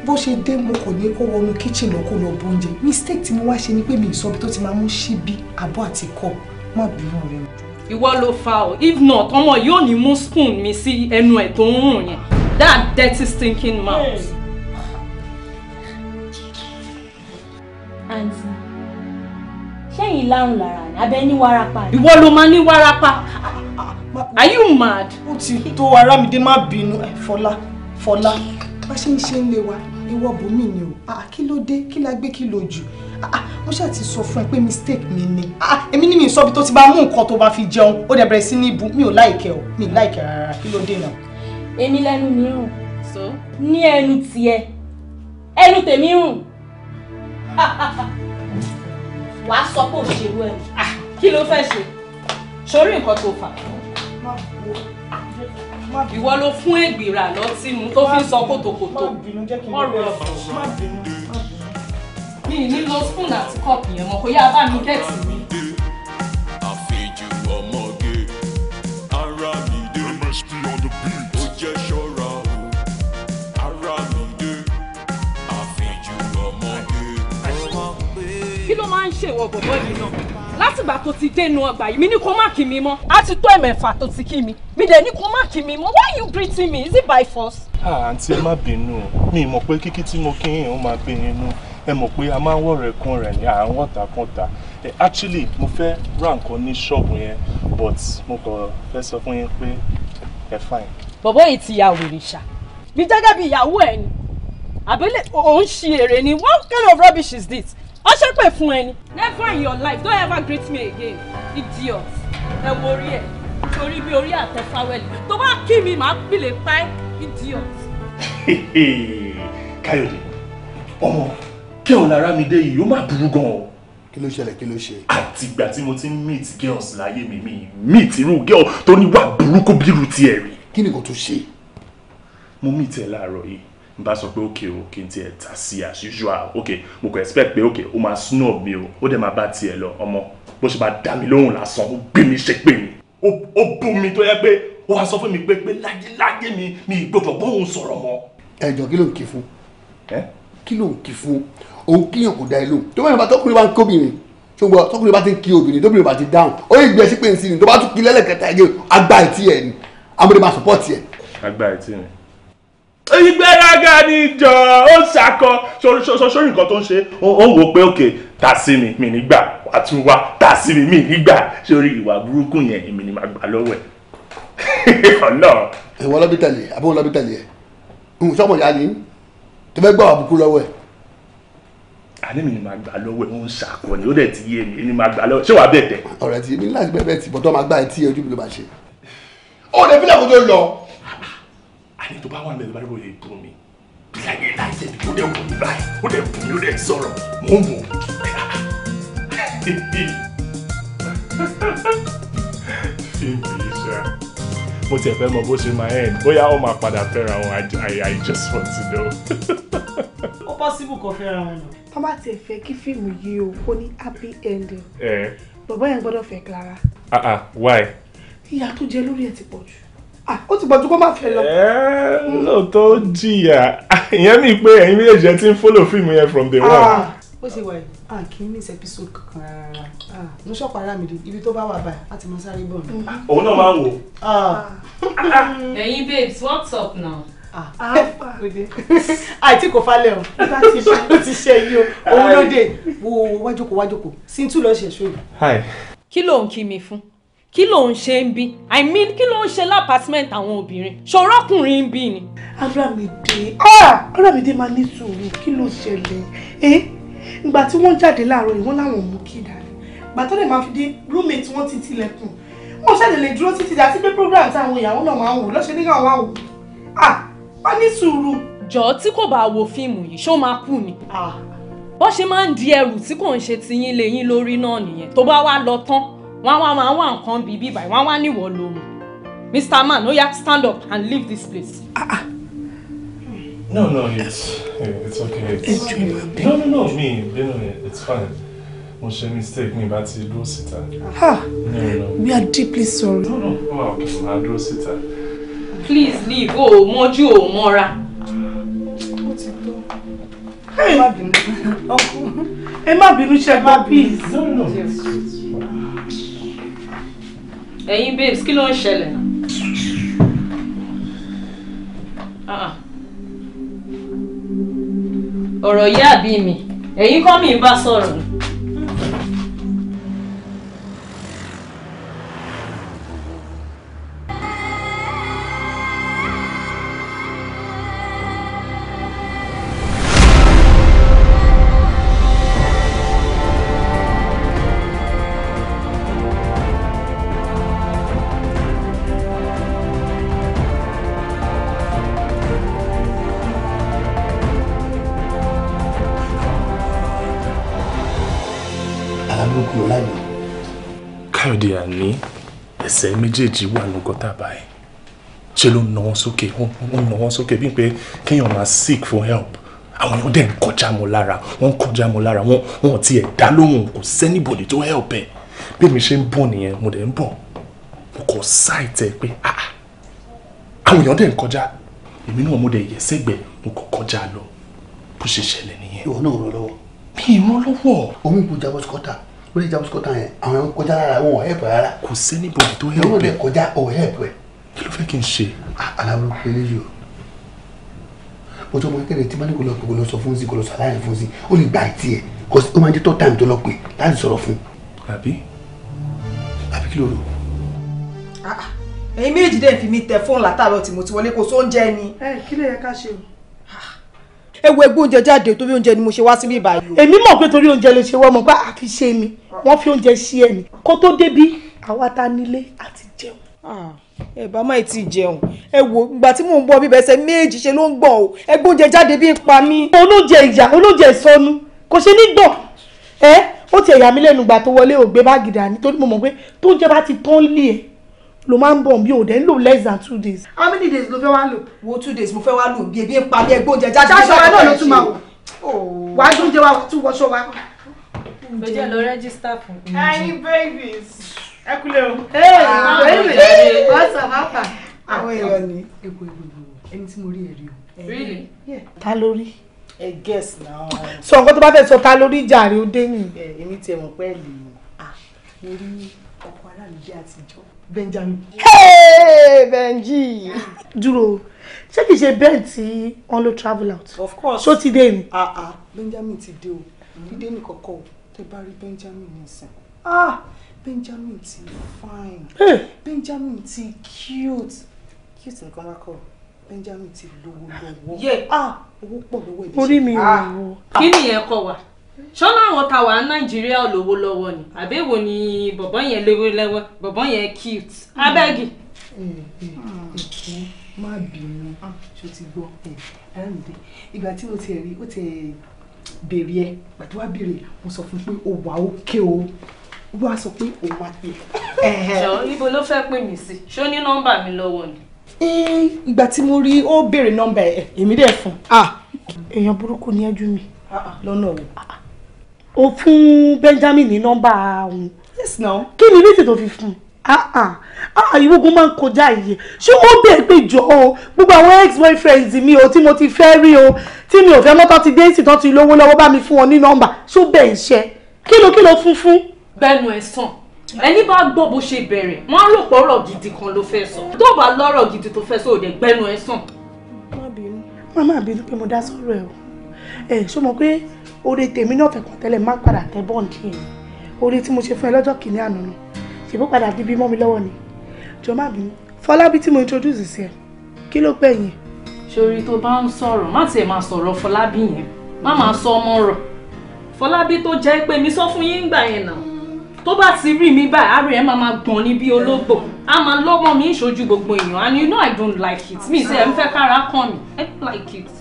S1: bó ṣe dé mo kò ní kó wọnú kíchìn lọ kó lọ bó oúnjẹ mistake tí mo wá ṣe ni pé mi ìsọbi tó ti máa mú ṣíbí abọ́ àti kọ́ má bínú rẹ. ìwọ ló fa o if not ọmọ yóò ní mú spoon mi sí ẹnu ẹ tó ń rùn yẹn that dirty stinking mouth. Hey sẹ́yìn lárùn lára ni abẹ ní warapa. ìwọ ló máa ní warapa are you mad. ó ti tó arámidé má bínú fọlá fọlá bá ṣe ń ṣe ń lé wa ìwọ bòmí ni o ah, kí ló dé kí la gbé kí lo jù ah, ah, mo ṣáà ti sọ fún ẹ pé mistake mi ni èmi ní mi sọ bí tó ti bá mú nǹkan tó bá fi jẹun ó dẹ̀ bẹ̀rẹ̀ sí ní ibu mi ò láìkẹ́ o mi láìkẹ́ rárá kí ló dé náà. èmi lẹ́nu mi rùn ní ẹnu tiẹ̀ ẹnu tèmi rùn wàá sọ pé òṣèlú ẹ̀ kí ló fẹ́ ṣe sórí nǹkan tó fà ìwọ ló fún ègbìrà lọtí mu tó fi ń sọ kòtòkòtò mọ rọ mi ní lo spoon àti cup yẹn mọ kó yá bá mi gẹ̀tì mi. ṣèwọ bọ̀bọ̀ yìí náà látìgbà tó ti dénú ọgbà yìí mi ní kó má kí mi mọ́ á ti tó ẹ̀mẹ̀fà tó ti kí mi mi dẹ̀ ní kó má kí mi mọ́ why you greeting me is it by force.
S4: àǹtí ẹ má bínú mi mọ̀ pé kíkí tí mo kí yín ó máa bí yín ẹ mọ̀ pé a máa ń wọ̀rẹ̀ kan rẹ̀ ní à ń wọ̀ta actually mo fẹ́ ra nǹkan ní ṣọ́ọ̀bù yẹn but mo kàn fẹ́ sọ fún yín pé
S1: ẹ fine. bọ̀bọ̀ yìí ti ya wèrè ṣá mi gẹ́gẹ́ bí ìyàwó ẹ̀ ni àbẹ́lẹ̀ òun ṣe èrè ni what kind of rubbish is this ó ṣépè fún ẹni. never in your life don't ever greet me again idiot ẹ wo orí ẹ torí bí orí àtẹ fáwẹ́lì tó bá kí mi màá pìlẹ̀ pa ẹ́ idiot.
S4: káyọ̀dé ọmọ kí ọ̀hún lára mi dé yìí ó má burú gan o. kí ló ṣẹlẹ̀ kí ló ṣe. àtìgbà tí mo ti ń meet girls láyé mi mi meet irú girl tó ní wà burúkú bírú tiẹ̀ rí. kí ni kò tún ṣe. mo meet ẹ láàárọ̀ yìí n bá sọ pé okay o kí n tiẹ̀ tà sí as usual okay mo kò expect pé okay o máa snob mi o ó dẹ̀ máa bá tiẹ̀ lọ ọmọ bó ṣe máa dá mi lóhùn lásán ó gbé mi ṣe pé mi ó bú mi tó yẹ pé ó wá sọ fún mi pé pé láyéláyé mi mi ìgbọ́dọ̀ bóun sọ̀rọ̀ mọ́. ẹjọ kí ló ń kí
S1: fún kí ló ń kí fún òun kíyàn kò dá ẹ lóhùn tó bá yẹn bá tọkùnrin bá ń kóbìnrin ṣùgbọ́n tọkùnrin bá ti ń kí obìnrin tóbìnrin bá ti dáhùn ó yẹ gbẹ sí pé n sí ni tó bá tún kí lẹ́lẹ̀kẹta ẹ̀jẹ̀ agbá ẹ̀ tí ẹ̀ ni amúdé máa support ẹ̀. agbá ẹ̀ tí ni ìgbéraga ni
S4: jọ ó ṣakọ sórí nǹkan tó ń ṣe ó wò pé òkè ta sí mi mi nígbà wàá tún wá ta sí mi mi nígbà sórí ìwà burúkú yẹn èmi ni màá gbà lọ́wọ́ ẹ̀ ọ̀nà. ìwọ lọ́bí tẹ̀lé àbúrò lọ́bí tẹ̀lé ẹ̀ ǹ sọ́mọ̀ ya ni tó fẹ́ gbà wà búkú lọ́wọ́ ẹ̀. àní mi ni màá gbà lọ́wọ́ ẹ̀ ó ń ṣàkọ ni ó dẹ̀ ti yé mi ni màá gbà lọ́wọ́ ṣé wàá bẹ̀ tẹ̀.
S1: ọ̀rẹ́ ti mi láti bẹ́ẹ̀ bẹ́ẹ̀ ti bọ́tọ́ máa gbá ẹ tí ojú mi ló máa ṣe. ó lè fi
S4: àní tó bá wà nílẹ̀ báyìí lè bú mi bí ayé láìsẹ̀ tó dẹ̀ wọ̀ mí báyìí ó dẹ̀ bú mi ó dẹ̀ sọ̀rọ̀ mò ń wò. fíìmù ṣá mo tiẹ̀ fẹ́ mọ bó ṣe máa end bóyá ó máa padà fẹ́ra wọn I just want to know.
S1: ó possible kó fẹ́ra wọn lọ. wọ́n bá tiẹ̀ fẹ́ kí fíìmù yìí o kó ní happy ending. Eh. bàbá yẹn gbọ́dọ̀ fẹ́ Clara.
S4: ah ah why.
S1: ìyà tó jẹ lórí ẹ̀ ti pọ̀ jù.
S4: Ah, ó ti gbọ́dọ̀ kó má fẹ́ lọ. ẹ lóòótọ́ ó jìyà ìyẹn mi pé ẹ̀yin méjèèjì ẹ ti ń follow fíìmù yẹn from day one. Ah.
S1: ó ṣe wà Ah. kì í miss episode kankan rárá Ah. ṣọ́pọ̀ ara mi ibi tó bá wà báyìí láti máa sáré bọ̀ ni. Ah, òun náà máa ń wò. Ah. ẹ̀yin babes what's up now. àìtí kò falẹ̀ o nígbà tí ó ti ṣe yìí o òun ló dé wo wájòkó wájòkó sí tún lọ ṣẹ̀ṣọ́ yìí. kí ló ń kí mi fún? kí ló ń ṣe ń bí i mean kí ló ń ṣe lápásímẹ́ǹtì àwọn obìnrin ṣòrọ́kùnrin ń bí ni. Àràmídé Àràmídé ah, máa ní sùúrù kí ló ṣẹlẹ̀ ẹ́ eh? ìgbà tí wọ́n jáde láàárọ̀ ìwọ́n láwọn mú kí dàrí ìgbà tó lè máa fi dé roommate wọn ti tilẹ̀kùn wọn ṣàlè lè dúró títí àti pé program táwọn ìyàwó náà máa ń wò lọ́sẹ̀ nígbà wọn wò à ah, wọ́n ní sùúrù. jọ̀ọ́ tí kò bá wo fíìmù yìí ṣó máa kú ni ah. bó ṣe máa ń di ẹrù tí kò ń ṣe tiyín lẹ́yìn lórí náà nìyẹn tó bá wá lọ tán wọ́n wá máa wá nǹkan bíi bíi báyìí wọ́n wá níwọ̀ lóru Mr. Man oya stand up and leave this place. Ah. ah.
S4: No, no, it's, it's okay. It's, no, no, no, me, you know, it's fine. Mo ṣe mistake mi bá ti dúró síta. Ha! We
S1: are deeply sorry. No, no, ó wà òkè, màá dúró Please leave, o ò mọ́jú o ò mọ́ra. Ó ti tó. Ẹ má bínú. Ẹ má bínú ṣe má bínú. No, no ẹ̀yin babes kí ló ń ṣẹlẹ̀ náà ah, ah. ọ̀rọ̀ yé àbí mi ẹ̀yin kọ́ mi bá sọ̀rọ̀ ni.
S4: méjèèjì wà ní gọ́tà báyìí ṣe ló ń nà wọ́n sókè wọ́n nà wọ́n sókè bíi pé kéèyàn máa seek for help àwọn èèyàn dẹ̀ ń kọjá mọ́ lára wọ́n ń kọjá mọ́ lára wọ́n wọ́n ti ẹ̀ dá lóhùn kò sẹ́nìbòdì tó help ẹ̀ bí mi ṣe ń bọ̀ nìyẹn mo dẹ̀ ń bọ̀ mo kọ sáìtì ẹ pé ah, ah àwọn èèyàn dẹ̀ ń kọjá èmi náà mo dẹ̀ yẹ sẹ́gbẹ̀ mo kọ kọjá
S1: lọ bó ṣe ṣẹlẹ̀ nìyẹn. ìwọ náà ràn lọ́wọ́. mi ràn lọ́wọ́. omi kò jábọ́ ó lè jàmbá sọkọta yẹn àwọn yẹn kọjá rárá wọn ò help rárá. kò sẹ́ni bòbí tó help ẹ. yóò lè kọjá ò help ẹ. kí ló fẹ́ kí n ṣe. alábòrò pé eléyìí o mo tọ́ ọmọ akéde tí mani kò lọ pé kò lọ sọ fún sí kò lọ sọ aláìní fún sí ó lè gba ìtì ẹ kò sí ó máa jẹ́ tó táìmù tó lọ pé láti
S3: sọ̀rọ̀ fún. àbí àbí kí ló rò.
S1: Ah, ah. ẹ̀yin méjì dé fi mi tẹ fóònù látàlọ́ tí mo ti wọlé kó sóúnjẹ ni. ẹ kí ló yẹ ká ṣe o ewu ẹgbẹ́ oúnjẹ jáde torí oúnjẹ ni mo ṣe wá síbí báyìí. èmi mọ̀ pé torí oúnjẹ lè ṣe wọ́n mọ̀ pé àfi ṣe mi wọ́n fi oúnjẹ ṣe ẹni kó tó débí àwa ta nílé àti jẹun. ẹ bá má ti jẹun ẹ wo ìgbà tí mò ń bọ̀ bíbẹ̀ ẹsẹ̀ méjì ṣe ló ń gbọ̀n o ẹgbẹ́ oúnjẹ jáde bí pa mí. olóúnjẹ ìyà olóúnjẹ ìsọnù kò ṣe ní gbọ̀n ẹ ó ti ẹ̀yà mi lẹ́nu gbà tó wọlé ògbé báàgì dání torí mo mọ̀ pé tóúnjẹ bá ti tán lé ẹ̀ e ló máa ń bọ̀ bí òde ń less than two days. how many days ló fẹ́ wá lò. wo two days mo fẹ́ wá lò bí ebi ń pa bí ẹgbẹ́ oúnjẹ jáde. ṣáṣọ wa náà ló tún máa wò wàá tún jẹ wa tún wọṣọ wa. bẹ́jẹ̀ lọ rẹ́gísítà fún mi. babies ẹ kúlẹ̀ o. ee ọ̀sán máa fà. àwọn èèyàn ni. egbò egbò ẹni tí mo rí ẹ rí o. really? yeah. ta ló rí. ẹ guess now. sọ nǹkan tó bá fẹ́ sọ ta ló rí jàre ó dé nìyí. èmi tiẹ̀ mọ̀ pẹ́ẹ́lì ah, mo rí ọkọ̀ aráàlú bí àtijọ́. Benjamin. Hey, Benji! Duro, ṣé kìí ṣe bẹ́ẹ̀ tí wọ́n ló travel out? Of course. So ti dé ni? Ah ah, Benjamin ti dé o. Dídé ní kọ̀kọ́ o, tẹ bá rí Benjamin nísìn. Ah! Benjamin ti fine. Hey. Benjamin ti cute. Cute nǹkan bá kọ̀. Benjamin ti lówó lọ́wọ́. Yeah. Ah! Owó pọ̀ lówó ẹ̀. Orí mi ò wọ. Ah, kí nìyẹn kọ wà? ṣọ́nà àwọn tá wà ní nàìjíríà lówó lọ́wọ́ ni àbẹ̀wò ni bọ̀bọ́ yẹn lówó lọ́wọ́ bọ̀bọ́ yẹn cute hmm. abẹ́gì. Eh, eh, má bínú ah, ṣó ti gbọ́ ẹ̀ẹ́dẹ̀ eh, ìgbà tí mo ti rí ó ti béèrè ẹ pàtó wá béèrè mo sọ fún pé ó wà ókè o wá sọ pé ó wà pé. jọ ibo ló fẹ́ pè mí sí ṣó ní nọ́mbà mi lọ́wọ́ ni. ìgbà tí mo rí ó béèrè nọ́mbà ẹ̀ èmi dẹ̀ fún un. Ah, èèyàn burúkú ni ẹjú mi ah, lọ́nà wo o fún Benjamin ní nọ́mbà òun. yes na. kí ni rìsì tó fi fún un ah, ah. ah, ìwógun máa ń kọjá iye ṣé ó bẹ̀ẹ́ pé jọ o gbogbo àwọn ex boyfriends mi o tí mo ti fẹ́ rí o tí mi ò fẹ́ mọ́tọ́ ti déètì tán ti lówó lọ́wọ́ bá mi fún wọn ní nọ́mbà ṣó bẹ́ẹ̀ ṣe kíló kíló fún fún. bẹ́ẹ̀nu ẹ̀ sàn ẹni bá gbọ́ bó ṣe bẹ̀rẹ̀ wọ́n á rò pọ̀ ọ̀rọ̀ gidi kan ló fẹ́ sọ tó bá lọ́rọ̀ gidi tó fẹ́ sọ òde gbẹ́nu o ẹ̀ pé oore tèmi náà fẹ́ kàn tẹ́lẹ̀ máa ń padà tẹ́ bọ́ǹdì yẹn oore tí mo ṣe fún ẹ lọ́jọ́ kìíní àná nù ṣèbó padà di mọ́ mi lọ́wọ́ ni jọ má bínú fọlábí tí mo introduce sí ẹ kí ló gbẹ̀yìn. sori tó bá ń sọ̀rọ̀ má tiẹ̀ máa sọ̀rọ̀ fọlábí yẹn má máa sọ ọmọ rọ̀ fọlábí tó jẹ́ pé mi sọ fún yín gbà yẹn náà tó bá ti rí mi báyìí àárẹ̀ ẹ̀ máa máa gbọ̀n ní bí ológbò a máa lọ́gbọ́n mi ìṣojú gbogbo èèyàn and you know I don't like it Me ṣe ẹ̀ ń fẹ́ kára kàn mí I don't like it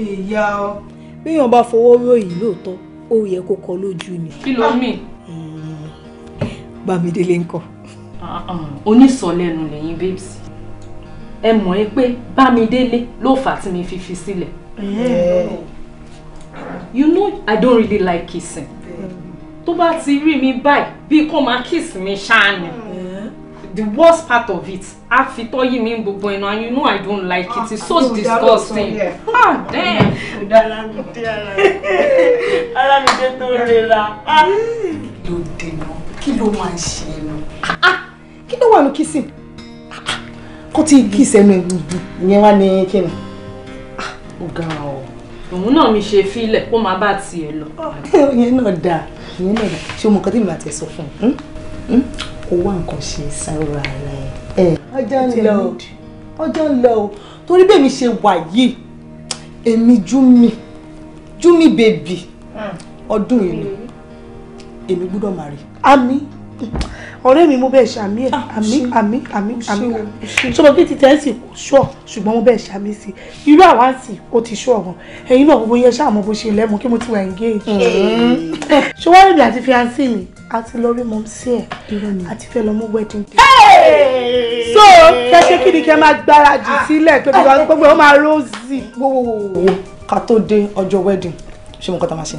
S1: ìyá ọ. bíyàn bá fọwọ́ ròyìn lóòótọ́ ó yẹ kó kọ lójú mi. kí ló mì. Hmm, bámidélé ńkọ́. Ah, ah, onísọlẹ́nu lẹ́yìn babes ẹ mọ̀ ẹ́ pé bámidélé ló fà á tí mi fi fi sílẹ̀. you know i don't really like kissing tó bá ti rí mi báyìí bí kò máa kiss mi ṣáà ni. Mm the worst part of it a fi tọ́ yí mi gbogbo ẹnu and you know i don't like it it's so ah, ah, disgusting ah damn. ọ̀daràn mi dé ara la dé tó rẹra kí ló dènà kí ló máa ń ṣe ẹnu. Ah, kí ló wà ní kìsìn kó tí kí sẹ́nu ìgbìgbì ìyẹn wá ní kíni. ó ga ọ. òun náà mi ṣe fílẹ̀ kó máa bá tiẹ̀ lọ. ìyẹn náà dáa ìyẹn náà dáa ṣé o mọ nǹkan tí mi bá tiẹ̀ sọ fún un. Hmm? Hmm? kó wá nǹkan ṣe sára rẹ. ọjọ́ ń lọ ọjọ́ ń lọ o torí bẹ́ẹ̀ mi ṣe wà yìí èmi júmi júmi bèbí hmm. ọdún yìí ni èmi gbọ́dọ̀ máa rí. àmín ọ̀rẹ́ mi mo bẹ́ẹ̀ ṣàmì ẹ̀ ah, àmì àmì àmì àmì sọ̀rọ̀ kí ti tẹ́ǹsì kò ṣọ́ ṣùgbọ́n mo bẹ́ẹ̀ ṣàmì sí i irú àwáǹsì ó ti ṣọ́ ọ̀hún ẹ̀yin náà gbogbo yẹn ṣáà mo bó ṣe lẹ́mu kí mo ti wà engage. ṣé wọ́n rìn mi àti fiancé mi àti lọ rí mọ̀mísí ẹ̀ àti fẹ́ lọ mú wedding day. so kẹ́kẹ́ kí ni kẹ́ máa gbáradì ah. sílẹ̀ pé gbogbo ọmọ ah. rosy. ká tó dé ọjọ́ wedding ṣé mo kọ́ ta máa ṣe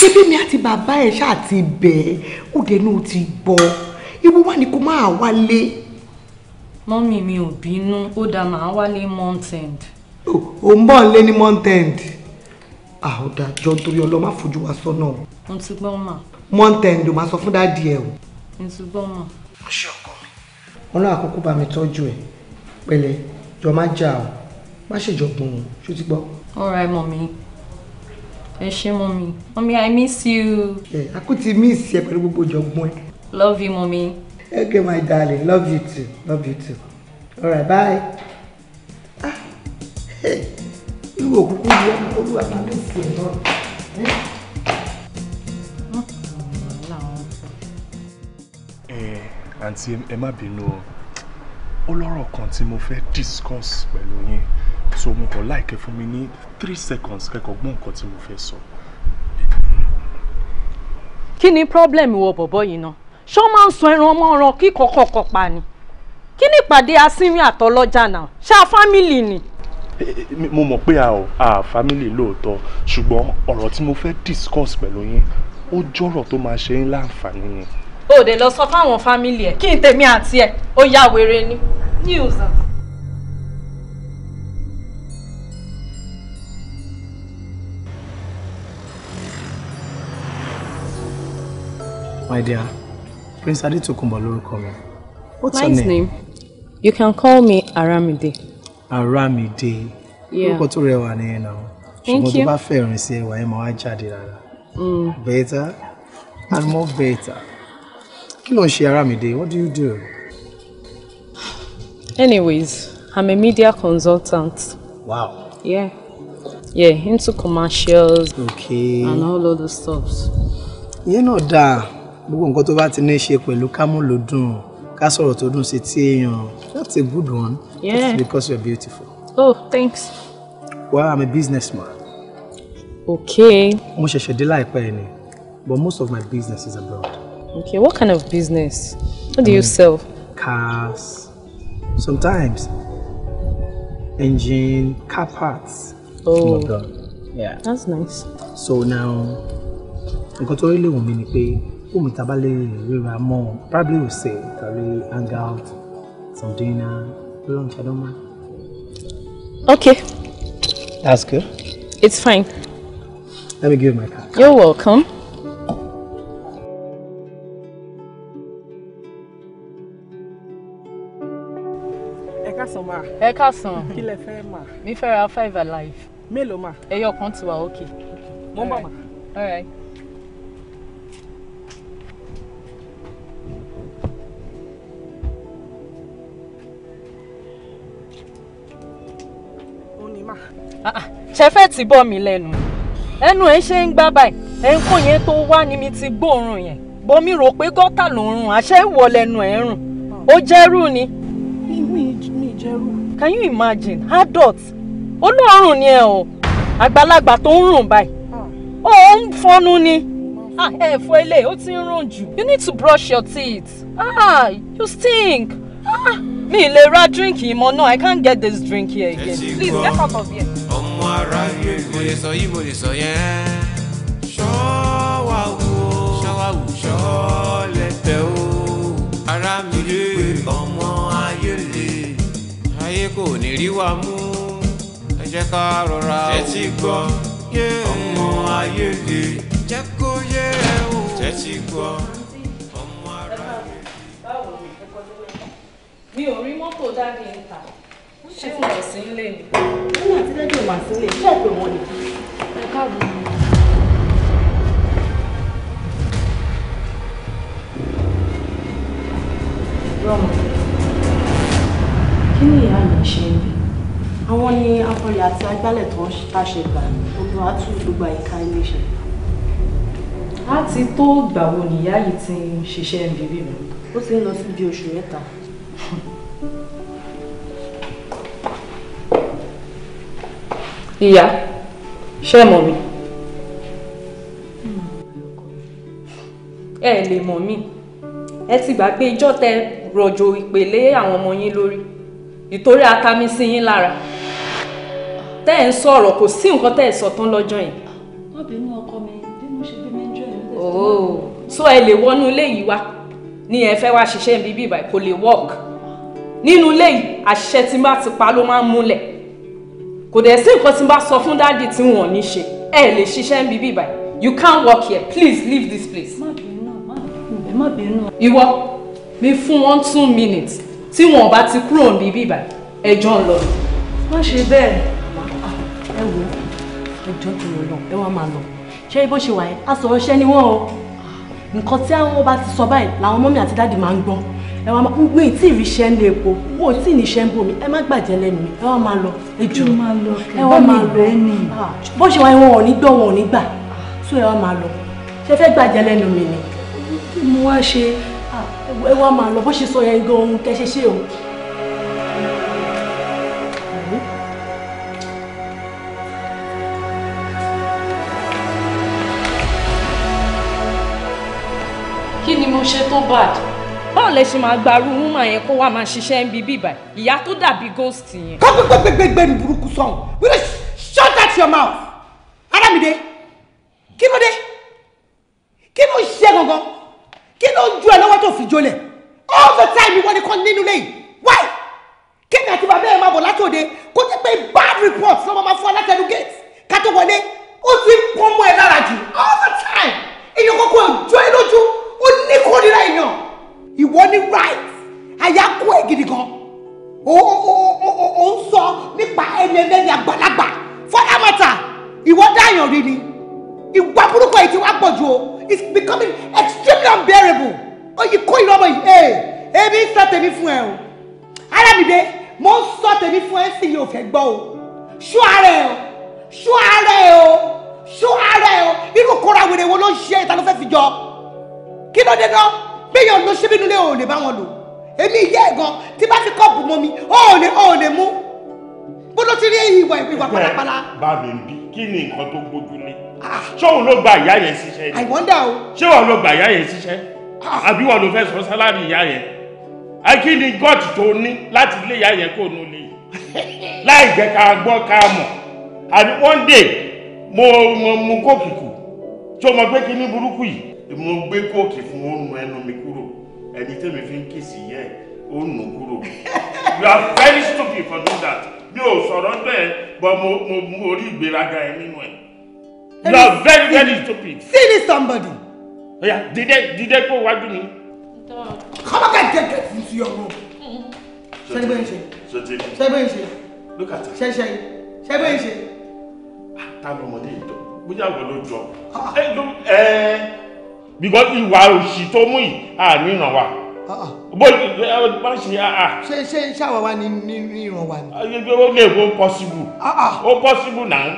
S1: ṣébí mi àti bàbá ẹ̀ ṣáà ti bẹ̀ ẹ́ ó dẹnu ti bọ̀ ìwọ wà ní kó máa wálé. mọ́mí mi ò bínú ó dá màá wálé montend. ò ń bọ̀ ń lé ní montend. àwòdà jọ torí ọlọ́mọ àfojú wa sọ́nà. mo ti gbọ́ mà. montend ò máa sọ fún dáàdi ẹ o. mo ti gbọ́ mà. mo ọkọ mi. ọlọ́run àkókò bá mi tọ́jú ẹ̀ pẹ̀lẹ́ jọ má jà o má ṣèjọ gbọ̀n o ṣó ti gbọ́. all right mọ̀mí ẹ ṣé mọ́mí mọ́mí i miss you. ẹ a kò ti miss ẹ pẹ̀lú gbogbo ìjọ̀gbọ́n ẹ. love you mọ́mí. okay my darling love you too love you too alright bye. ah irú òkúkú yìí ọmọ olúwa máa ń sè é
S4: náà. àǹtí ẹ má bínú o ó lọ́rọ̀ kan tí mo fẹ́ discuss pẹ̀lú yín so mo kàn láìkẹ́ fún mi ní three seconds kẹ́kọ̀ọ́ gbọ́n nǹkan tí mo fẹ́ sọ.
S1: kí ni problem wọ bọ̀bọ̀ yìí náà ṣó máa ń sọ ẹran ọmọ ọ̀ràn kíkọ́ kọ̀ọ̀kan pa ni kí ni ìpàdé asínrin àtọlọ́jà náà ṣá fámìlì ni.
S4: Eh, eh, mo mọ̀ pé a fámìlì lóòótọ́ ṣùgbọ́n ọ̀rọ̀ tí mo fẹ́ discuss pẹ̀lú yín ó jọ̀rọ̀ tó máa ṣe ń láǹfààní ni.
S1: o ò dé lọ sọ fáwọn fámìlì ẹ kí n tèmi àti ẹ ó yá wèrè ni. news.
S3: My dear, Prince Adetokunbo lórúkọ mi. What's Mine's your name?
S1: name? You can call me Aramide.
S3: Aramide. Yeah. Orúkọ tó rẹwà nìyẹn náà. Thank you. Ṣùgbọ́n tó bá fẹ́ rìn sí ẹwà yẹn máa wá jáde rárá. Mm. Better and more better. Kí ló ń ṣe Aramide? What do you do?
S1: Anyways, I'm a media consultant. Wow. Yeah. Yeah, into commercials. Okay. And all other stuff. You know that gbogbo nǹkan tó bá ti ní
S3: í ṣe pẹ̀lú kámúlòdùn ká sọ̀rọ̀ tó dùn sí tí èèyàn that's a good one yeah. just because you're beautiful.
S1: oh thanks.
S3: well i'm a businessman. okay. mo ṣẹ̀ṣẹ̀ dé láìpẹ́ yìí ni but most of my business is abroad.
S1: okay what kind of business? what do um, you sell?
S3: cars sometimes engine car parts. oh yeah that's nice. so now nǹkan tó rí lè wọ̀n mi ni pé omi tabalẹ̀ rira mọ́ probably we say tàbí hang out some dinner lunch I don't mind. okay. that's good. it's fine. let me give you my card.
S1: you're welcome. ẹ káàsán kí lẹ fẹ́ mà. mi fẹ́ ra five alive. mélòó mà. ẹyọ kan ti wà ókè. mo mà mà. all right. Ah, ṣe fẹ́ ti bọ́ mi lẹ́nu ẹnu ẹ̀ ṣe ń gbá báyìí ẹ̀ ń kó yẹn tó wá ni mi ti gbóòórùn yẹn bomi rò pé gọ́tà ló ń rùn àṣẹ ìwọ lẹ́nu ẹ̀ ń rùn ó jẹ́rú ni. mi mi can you imagine adult olóòórùn ni ẹ o àgbàlagbà tó ń rùn báyìí ó ń fọnu ni ah, ẹ fọ ilé ó ti ń rùn jù you need to brush your teeth ah you stink ah mi lè ra drink ìmọ̀ náà i can't get this drink here again please get out of here
S5: aráyé gbé. mo lè sọ yìí mo lè sọ yẹn. ṣọ́wá wo ṣọ́wá wo ṣọ́lẹ̀tẹ̀ o. ara mi lè pé ọmọ ayé lè. ayé kò ní rí wa mú ẹ jẹ́ ká rọra o. tẹ́tí gbọ́ ọmọ ayé lè. jẹ́ kó yé o. tẹ́tí gbọ́
S1: mi ò rí mọ́tò dáadé ń ta ṣé wọn ò sí nílé ni. nínú àti lẹ́jọ́ mà sí nílé ṣé ẹ pé wọn ni. ẹ káàbọ̀. rọmọ kí ni ìyá mi ṣe ń bí àwọn ni akọrin àti agbálẹ̀ tó ń taṣe gbà gbogbo àtú gbogbo àyíká iléeṣẹ́. a ti tó ìgbà wo nìyá yìí ti ń ṣiṣẹ́ ń mi. ó ti ń lọ sí bí oṣù mẹ́ta. ìyá ṣé ẹ mọ̀ mi ẹ lè mọ̀ mi ẹ ti gbà pé ìjọ́ tẹ rọ̀jò ìpèlé àwọn ọmọ yín lórí ìtorí atami sí yín lára tẹ́ ẹ̀ ń sọ̀rọ̀ kò sí nǹkan tẹ́ ẹ̀ sọ tán lọ́jọ́ yẹn. wọ́n bínú ọkọ mi bí mo ṣe bí mi ń jọ ẹ̀ lọ́dẹ̀ tó. so ẹ lè wọnú ilé yìí wá ní ẹ fẹ́ wá ṣiṣẹ́ bíbí ìbàdàn kò lè work nínú ilé yìí àṣẹ tí má ti pa ló máa ń múlẹ̀ kò dẹ̀ sí nǹkan tí n bá sọ fún dáàdì tí wọ́n ní ṣe ẹ lè ṣiṣẹ́ ń bíbí báyìí you can't work here please leave this place. má bínú má bínú ẹ má bínú. ìwọ mi fún one two minutes tí wọn bá ti kúrò ń bíbí báyìí ẹjọ́ ń lọ. má ṣe bẹ́ẹ̀ ẹ wo ẹjọ́ tó lọ ẹ wá máa lọ ṣé bó ṣe wà yẹn a sọ̀rọ̀ ṣẹ́ ni wọ́n o nǹkan tí àwọn bá ti sọ báyìí làwọn mọ́mí àti dáàdì máa ń gbọ́ ẹ wá máa mi ì tí ì rí iṣẹ́ ní epo wo ò tí ì ní iṣẹ́ ń bò mí ẹ má gbàjẹ́ lẹ́nu mi ẹ wá máa lọ ẹjọ́ ẹ wá máa lọ ah, bó ṣe wáyé wọn ò ní gbọ́ wọn ò ní gbà tó ẹ wá máa lọ ṣe fẹ́ gbàjẹ́ lẹ́nu mi ni. kí mo wá ṣe ah, ẹ wá máa lọ bó ṣe sọ yẹn gan-an kẹ́ ṣe o. kí ni mo ṣe tó bad báwo lẹ ṣe máa gbarú woman yẹn kó wá máa ṣiṣẹ́ ń bí bíbà ìyá tó dàbí ghost yẹn. kọ́kọ́ gbẹgbẹgbẹ ní burúkú sọ̀hún will shut that your mouth Aramide kí ló dé kí ló ṣe gangan kí ló ju ẹ lọ́wọ́ tó fi jólẹ̀ all the time ìwọ nìkan nínú lẹ́yìn why kémi àti bàbá ẹ̀ máa bọ̀ látòde kó jẹ́ pé bad report lọ́mọ máa fún alátẹnu gate ká wọlé ó ti ń pọ́n ẹ lára jù all the time èèyàn kọ́kọ́ ìjọ ẹ lójú ó ní kórìíra èèyàn ìwọ ní right àyà kú ẹ̀ gidi gan ó ń sọ nípa ẹni ẹlẹ́ni àgbàlagbà fọ́dà mọ́tà ìwọ dáyàn rí ni ìwà burúkú èyí tí wàá pọ̀ jù o it's becoming extremely unbearable ó yí kó ìrọ́mọ yìí ẹ̀ eh, ẹ̀mí ń sọ tèmi fún ẹ o arábìdé mo ń sọ tèmi fún ẹ sì yóò fẹ́ gbọ́ o ṣú ara ẹ o ṣú ara ẹ o ṣú ara ẹ o irú kóra wèrè wo ló ń ṣe ìta ló fẹ́ fi jọ kí ló dé náà téèyàn lọ síbí nílé ò lè bá wọn lò èmi ìyá ẹ̀gàn tí bá fi kọ́ọ̀pù mọ́ mi ò lè ò lè mú bó ló ti rí ìwà ìwà pálapàla.
S2: bá mi bí kí ni nǹkan tó gbójú lé ah. ṣóun ló gba ìyá yẹn síṣẹ́ ni I wonder o ṣé ló gba ìyá yẹn síṣẹ́ ah. àbí wọn ló fẹ́ sọ sálárì ìyá yẹn kí ni gọ́ọ̀tì tó ní láti lé ìyá yẹn kó nu lé láì jẹ́ ká gbọ́ ká mọ̀ àní one day mo mo mu kókìkù tí o mọ̀ pé kí ni burúkú yìí mo gbé kóòkì fún oorun ẹnu mi kú ẹni tẹ́mi fi ń kìsì yẹ ó nù kúrò you are very stupid for doing that mi ò sọ̀rọ̀ bẹ́ẹ̀ but mo mo mo rí ìgbéraga ẹ nínú ẹ you are
S1: very very stupid. see this somebody. oya dìde dìde kó wájú mi. come on get get into your room. ṣe bẹ́ẹ̀ ṣe ṣe bẹ́ẹ̀ ṣe ṣe ṣe ṣe bẹ́ẹ̀ ṣe. ta lọmọdé yìí jọ bóyá wọ́n ló jọ. Ah. ẹ
S2: ẹ because ìwà òṣì tó mú yìí à ní ìràn wa. Ah, ah. bó ẹ bá ṣe àà. Ah,
S1: ṣé ṣé ṣàwọ̀ wa ni ní ìràn wa ni.
S2: ó lè wo possible ó possible náà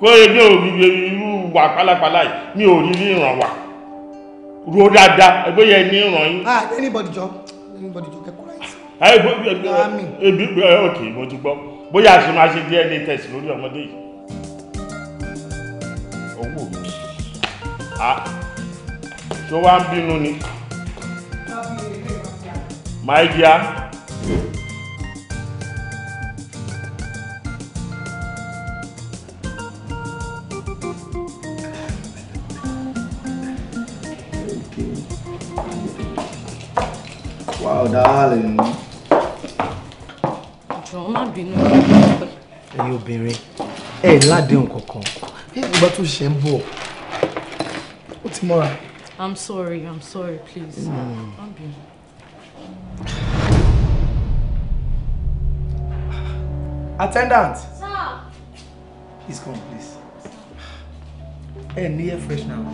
S2: kó ebi òbí irú wà pálapàla yìí mi ò rí ní ìràn wa ro dáadáa ẹgbẹ́ yẹn ní ìràn yín.
S1: ah anybody jọ anybody jọ kẹ́kọ̀ọ́ láìsí. ebi ok mo ti
S2: gbọ́ bóyá a ṣe máa ṣe DNA test lórí ọmọdé yìí. owó mi tó wá ń bínú ni. my dear.
S3: Wow, darling.
S1: Jọ̀ọ́ má bínú pẹ́.
S3: Ẹ̀yin obìnrin, ẹ̀ ládéhùn kankan. Bí ìgbà tó ṣe ń
S2: bọ̀,
S1: ó ti mọ́ra. I'm sorry, I'm sorry, please. Mm. I'm being... Attendant! Sir!
S3: Please come, please. Hey, near fresh now.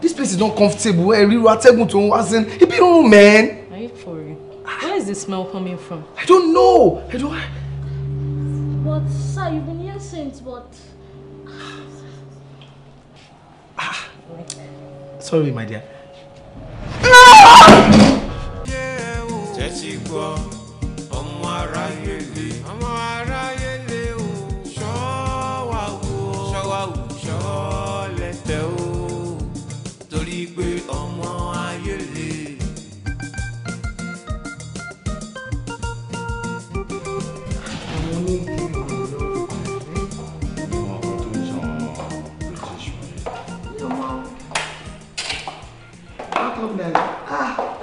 S3: this place is not comfortable. Hey, Riru Ategun to wasn't. It be no man.
S1: Are you for real? Where is the smell coming from? I don't know. I don't. But, sir, you've been here since, but.
S3: sorry my dear. tẹ́tí gbọ́
S5: ọmọ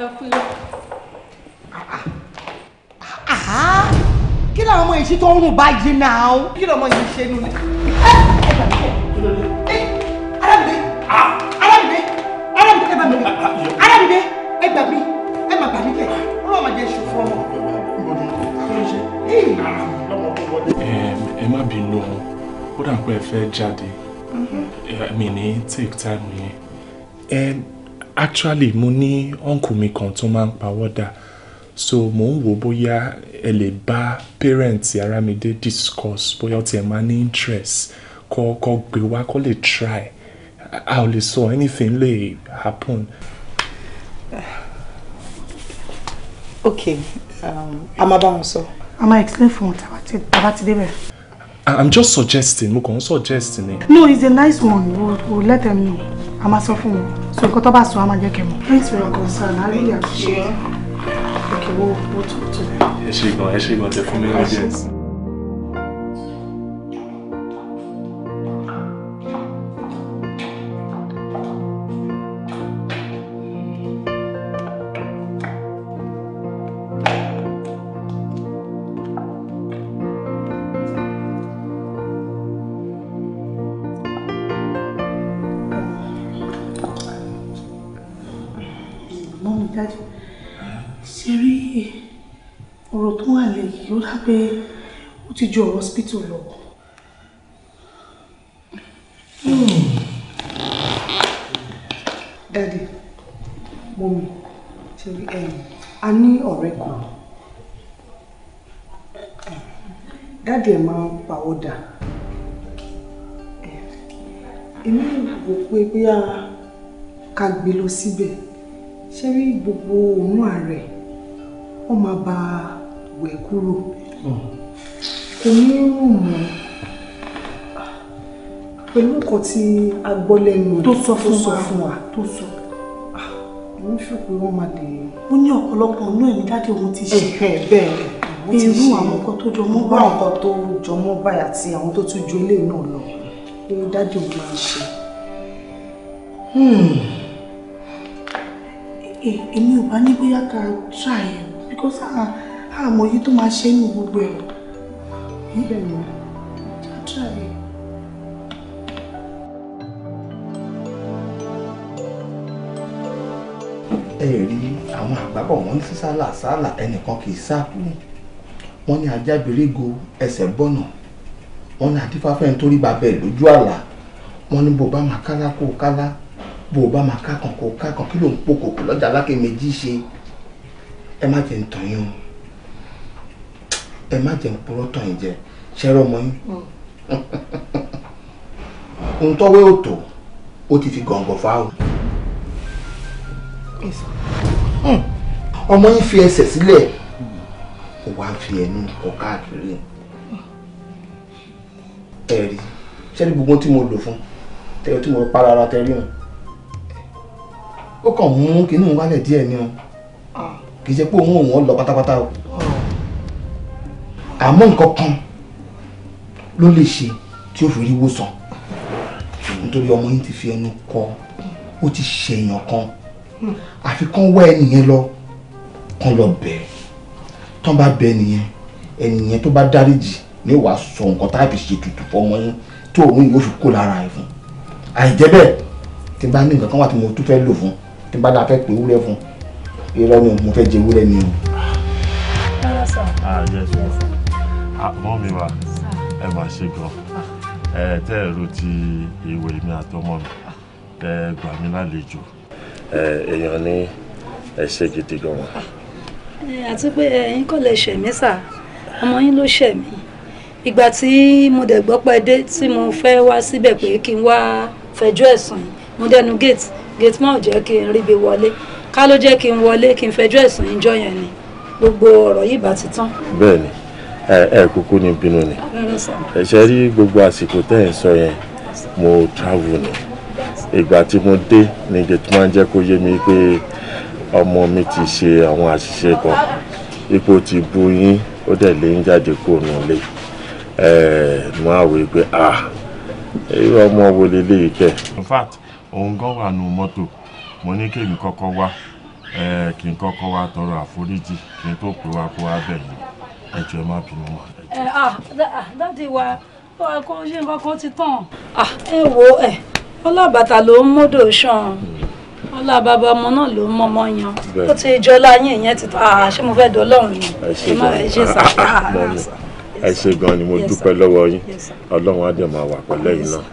S1: ẹ fún yín. kí làwọn ọmọ ìṣí tó ń rùn báyìí náà kí làwọn ọmọ yìí ṣe nù. arábìnrin arábìnrin arábìnrin ẹ bá mi lè arábìnrin ẹ gbà mí ẹ má gbà mí kẹ ọlọ́run máa jẹ ṣùfọ́ ọmọ.
S4: ẹ má bínú ó dà pé ẹ fẹ́ jáde mhm. mi ní take time yẹn actually mo ní uncle mi kan tó máa ń pawọ́ dà so mo ń wò bóyá ẹ lè bá parents Aramide discuss bóyá ó tiẹ̀ máa ní interest kọ́ kọ́ gbé wá kó lè try a ò lè sọ anything lè happen.
S1: okay um, a máa bá wọn sọ. a máa explain fún wọn tàbá ti débẹ̀.
S4: I'm just suggesting mo kàn ń suggesting ni.
S1: no he's a nice one we'll, we'll let them know a máa sọ fún wọn so nǹkan tó bá sọ a máa jẹ́ kẹ́ mọ̀. thanks for your concern i really appreciate it. okay we'll we'll talk to them.
S4: ẹ ṣe gan ẹ ṣe gan tẹ fún mi lọ díẹ̀.
S1: pé ó ti ju hospital lọ. Hmm. dadi mọ́mi ṣebí eh, a ní ọ̀rẹ́ kan dadi ẹ̀ máa ń pawọ́dà eh, èmi rò pé bóyá ká gbé lọ síbẹ̀ ṣé rí gbogbo òórùn ààrẹ ó máa ba wẹ̀ kúrò kò ní rù mí pẹ̀lú nǹkan tí a gbọ́ lẹ́nu tó sọ fún wa tó sọ èmi ah, fi pé wọ́n máa dè é. ó ní ọ̀pọ̀lọpọ̀ inú ẹ̀mí dáde òun ti ṣe. bẹ́ẹ̀ irú àwọn nǹkan tó jọ mọ́ báyà. nǹkan tó jọ mọ́ báyà àti àwọn tó tún ju eléyìí náà lọ pé dáde òun máa ń ṣe. Hmm. E, e, èmi ò bá ní bóyá ká try because. Ah, àmọ́ yìí tó máa ṣe nù gbogbo ẹ̀rọ. Hm? bẹ́ẹ̀ ni. àdúrà yìí. ẹ rí àwọn àgbábọ̀ wọ́n ní sísálà sálà ẹnìkan kì í sáàkú wọ́n ní ajábìrígo ẹsẹ̀ bọ́nà wọ́n ní adífáfẹ́ nítorí bàbá ẹ̀ lójú àlà wọ́n ní bó bá máa kálá kó kálá bó bá máa kákan kó kákan kí ló ń pokòkò lọ́jà lákè méjì ṣe ẹ má jẹ́ ń tàn yín o ẹ má jẹun purọ́ tàn yín jẹ ṣẹ́rọ ọmọ yín mm. ohun tọ́wé ò tó ó ti fi gọ̀ǹgọ̀ fa o. Hmm. ọmọ yín fi ẹsẹ̀ sílẹ̀ ó wá ń fi ẹnu kọ káàkiri ẹ̀rí ṣẹ́ni gbogbo tí mo lò fún tẹ́lẹ̀ tí mo para ara tẹ́lẹ̀ hàn ó kàn mú kínní wálẹ̀ díẹ̀ ni o ah. kì í ṣe pé òun òun lọ pátápátá o. Oh àmọ́ nǹkan kan ló lè ṣe tí ó fi rí wòsàn nítorí ọmọ yín ti fi ẹnu kọ ó ti ṣèyàn kan àfi kán wá ẹnìyẹn lọ kán lọ bẹ̀ẹ́ tán bá bẹ ẹnìyẹn ẹnìyẹn tó bá dáríjì ní wàá sọ nǹkan tá a fi ṣe tutù fọmọ yín tó òun yóò fi kó lára ẹ fún àìjẹ́ bẹ́ẹ̀ tí n bá ní nǹkan kan wà tí mo tún fẹ́ lò fún tí n bá dáa fẹ́ pé wúrẹ́ fún irọ́ ni mo fẹ́ jẹ wúrẹ́ ni o.
S3: rárá sá.
S2: ah yes sir. Ah, Ah, mọ́ mi wá ẹ máa ṣe gan ẹ tẹ́ ẹ ro ti ìwé mi àtọmọ mi ẹ gbà mí lálejò èèyàn ní ẹ ṣe gidi gan wọn.
S1: àti pé ẹ̀yin kò lè ṣẹ̀mí sà ọmọ yín ló ṣẹ̀mí ìgbà tí mo dẹ̀ gbọ́ pé dé tí mo fẹ́ wá síbẹ̀ pé kí n wá fẹjọ́ ẹ̀sùn yìí mo dẹnu gate gate mọ́ ò jẹ́ kí n ríbi wọlé ká ló jẹ́ kí n wọlé kí n fẹjọ́ ẹ̀sùn yìí jọ yẹn ni gbogbo ọ̀rọ̀ yìí bá ti tán. bẹ́ẹ̀ni
S2: ẹ kúkú ní bínú ni ẹ ṣe rí gbogbo àsìkò tẹ́ ẹ̀ sọ yẹn mo travel ni ìgbà tí mo dé ní gẹ̀tú máa ń jẹ́ kó yé mi pé ọmọ mi ti ṣe àwọn àṣìṣe kan ipò ti bu yín ó dẹ̀ lé ń jáde kó nù lé ẹ̀ mo á wòye pé ah irú ọmọ wo leléyìí kẹ. in fact òun gan wà nù mọ́tò mo ní kí n kọ́kọ́ wá kí n kọ́kọ́ wá tọrọ àforíjì kí n tó pè wá kó wá bẹ̀ yín
S1: ẹjọ ẹ má bínú mọ́. ẹ ah dáàdi wa kó ṣe nǹkan kan ti tàn. ẹ wo ẹ ọlábàtà ló ń mọ́dọ̀ ṣan ọlá bàbá ọmọ náà ló ń mọmọ yan ó ti jọ láyé ìyẹn ti tàn ṣé mo fẹ́ dọ́lọ́run ni ẹ má ẹ ṣe sá
S2: ẹ ṣe gan ni mo dúpẹ́ lọ́wọ́ yín ọlọ́run á dẹ̀ máa wà pẹ̀lú ẹ̀yin náà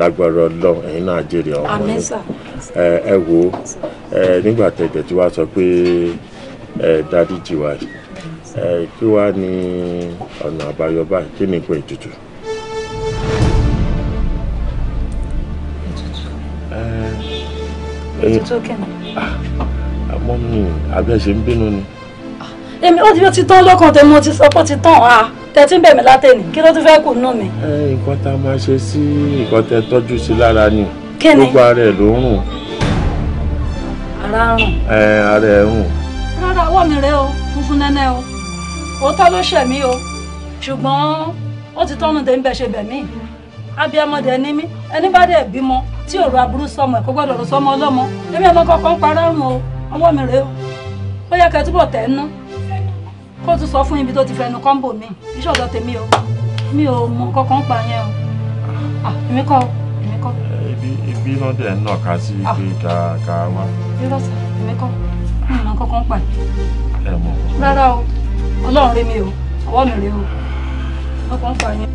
S2: lágbára ọlọ́run ẹ̀yin náà jèrè ọmọ yín ẹ wo nígbà tẹ̀tẹ̀ tí wàá sọ pé ẹ dádì jìwà kí wàá ní ọ̀nà àbáyọ báyìí kí ni ìpín ètùtù. ètùtù kẹ́mi. àmọ́ mi àbẹ́ ṣe ń bínú ni.
S1: Ah, èmi ó ti ó ti tán lọ́kàn tèmi mo ti sọ pé ó ti tán a ah, tẹ̀tí ń bẹ̀ mí látẹ̀ni kí ló tún fẹ́ kù nù mí.
S2: nǹkan tá a máa ṣe sí nǹkan tẹ tọ́jú sí lára ni gbogbo ara ẹ̀ ló ń rùn. ara ń rùn. ara ẹ̀ ń rùn.
S1: rárá ọwọ́ mi rẹ o funfun nẹ́nẹ́ o òótọ́ ló ṣẹ̀ mí o ṣùgbọ́n ó ti tọ́nu dé ń bẹ ṣe bẹ̀ mí abiyamọdé ẹni mí ẹni bá dẹ̀ bímọ tí ọ̀rọ̀ aburú sọmọ ẹ̀ kó gbọ́dọ̀ ọ̀rọ̀ sọmọ ọlọ́mọ èmi ọmọ kọ̀ọ̀kan ń parọ́ ọ̀run o ọwọ́ mi rèé o ó yẹ kẹ́ túbọ̀ tẹ̀ ń ná kó tún sọ fún ibi tó ti fẹnu kọ́ńbò mi iṣẹ́ ọ̀dọ̀ tèmi o mi ò mọ kọ̀ọ̀kan pa yẹn o èmi kọ́ èmi kọ́.
S2: ibi ibi náà dẹ̀ ń nàka sí pé ká ká wá.
S1: irọ́ sà èmi kọ́ mi ò mọ kọ̀ọ̀kan pa.
S2: ẹ rárá
S1: o ọlọ́run rí mi o ọwọ́ mi rí o ọkàn fà yín.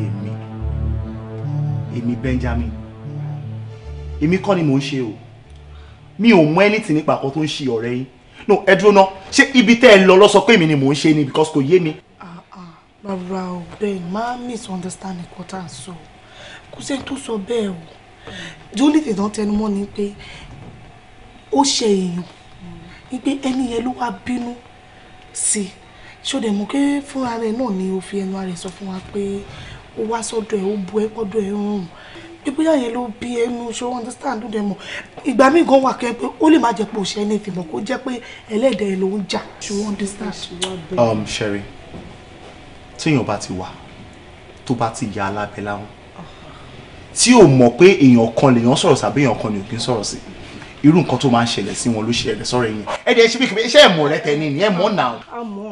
S1: èmi èmi Benjamin èmi kọ́ ni mò ń ṣe o mi ò mọ anything nípa àkọ́ tó ń ṣe ọ̀rẹ́ yín no ẹ dúró ná ṣé ibi tẹ́ ẹ lọ lọ sọ pé èmi ni mò ń ṣe ni because kò yé mi. rárá ah, ah, o bẹ́ẹ̀ máa misunderstand nǹkan tá à sọ kò sẹ́ni tó sọ bẹ́ẹ̀ o the only thing tó ń tẹnu mọ́ ni pé ó ṣe èèyàn wípé ẹni yẹn ló wá bínú sí i ṣó pé fúnra rẹ̀ náà ni ó fi ẹnu ara sọ fún wa pé ó wá sọ́dọ̀ ẹ̀ ó bu ẹ́ pọ́dọ̀ ẹ̀ rùn bíbóyà yẹn ló bí ẹnu ṣó understand dẹ̀ mọ̀ ìgbà míì gan wà kẹ́ pé ó lè má jẹ́ pé òṣè ní ìfìmọ̀ kó jẹ́ pé ẹlẹ́dẹ̀ ló ń jà ṣó understand. um
S3: Sherry téèyàn bá ti wà tó bá ti ya alábẹ́ láwọn tí ò mọ̀ pé èèyàn kan lèèyàn sọ̀rọ̀ sàbí èèyàn kan ni kí ń sọ̀rọ̀ sí i irú nǹkan tó máa ń ṣẹlẹ̀ sí wọn
S1: ló ṣẹlẹ̀ sọ́rọ̀ yẹn ẹ dẹ̀ ṣe bí kìí ṣe ẹ̀ mọ̀ rẹ́tẹ̀ ni ẹ mọ̀ náà. àmọ́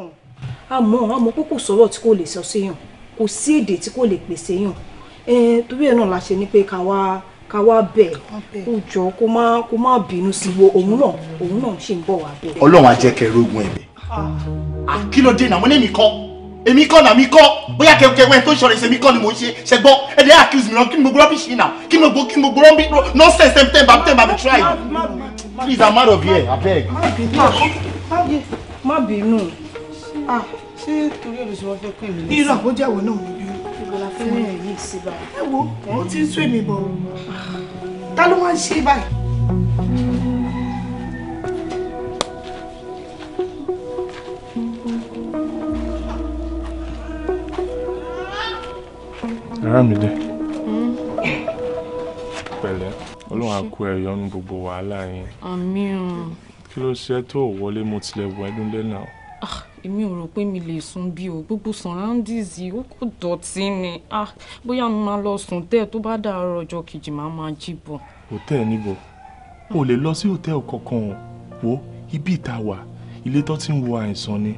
S1: àmọ́ àmọ́ pé kò sọ̀rọ̀ tí kò lè sọ séyàn kò sí èdè tí kò lè pè séyàn torí ẹ̀ náà la ṣe ni pé ká wá ká wá bẹ̀ kó jọ kó má kó má bínú sí wo òun náà òun náà ṣì ń bọ̀ wá bẹ̀. ọlọ́run á jẹ́ kẹ́ ẹ̀bẹ̀ ah, kí ló dé èmi kọ́ nà mí kọ́ bóyá kẹ̀kẹ́wẹ́ tó ṣọ̀rọ̀ ìṣẹ̀mí kọ́ ni mò ń ṣe ṣe gbọ́ dẹ́ accuse mi náà kí ni mo gbọ́ rubbish yìí náà kí ni mo gbọ́ kí ni mo gbọ́ rọ́bì nonsense ten ten bam ten bam try please i'm out of here abeg. má bínú ah ṣé torí olùsọ wọn fẹ́ pè mí. irú àkójẹ́wò náà mo bí. ìgbàlá fún mi ẹ̀ yìí sí báyìí. ẹ wo òun ti ń sún èmi bọ̀ ta ló wá ń ṣe báyìí.
S4: Àràmídé. Pẹ̀lẹ́, Ọlọ́run á kó ẹ gbogbo wàhálà yẹn.
S1: Àmín o.
S4: Kí ló ṣe tó wọlé mo tilẹ̀ wọ ẹdún lẹ́nà?
S1: Ah, èmi ò rò pé mi lè sùn bí o, gbogbo surroundings yìí ó kò dọ̀tí ni. Ah, bóyá mo máa lọ sùn tẹ́ tó bá dàárọ̀ ọjọ́ kejì máa máa jí bọ̀.
S4: Hòtẹ́ẹ̀ níbo? O lè lọ sí hòtẹ́ẹ̀ kankan o. Wo ibi ìta wà, ilé tó ti ń wo àìsàn ni.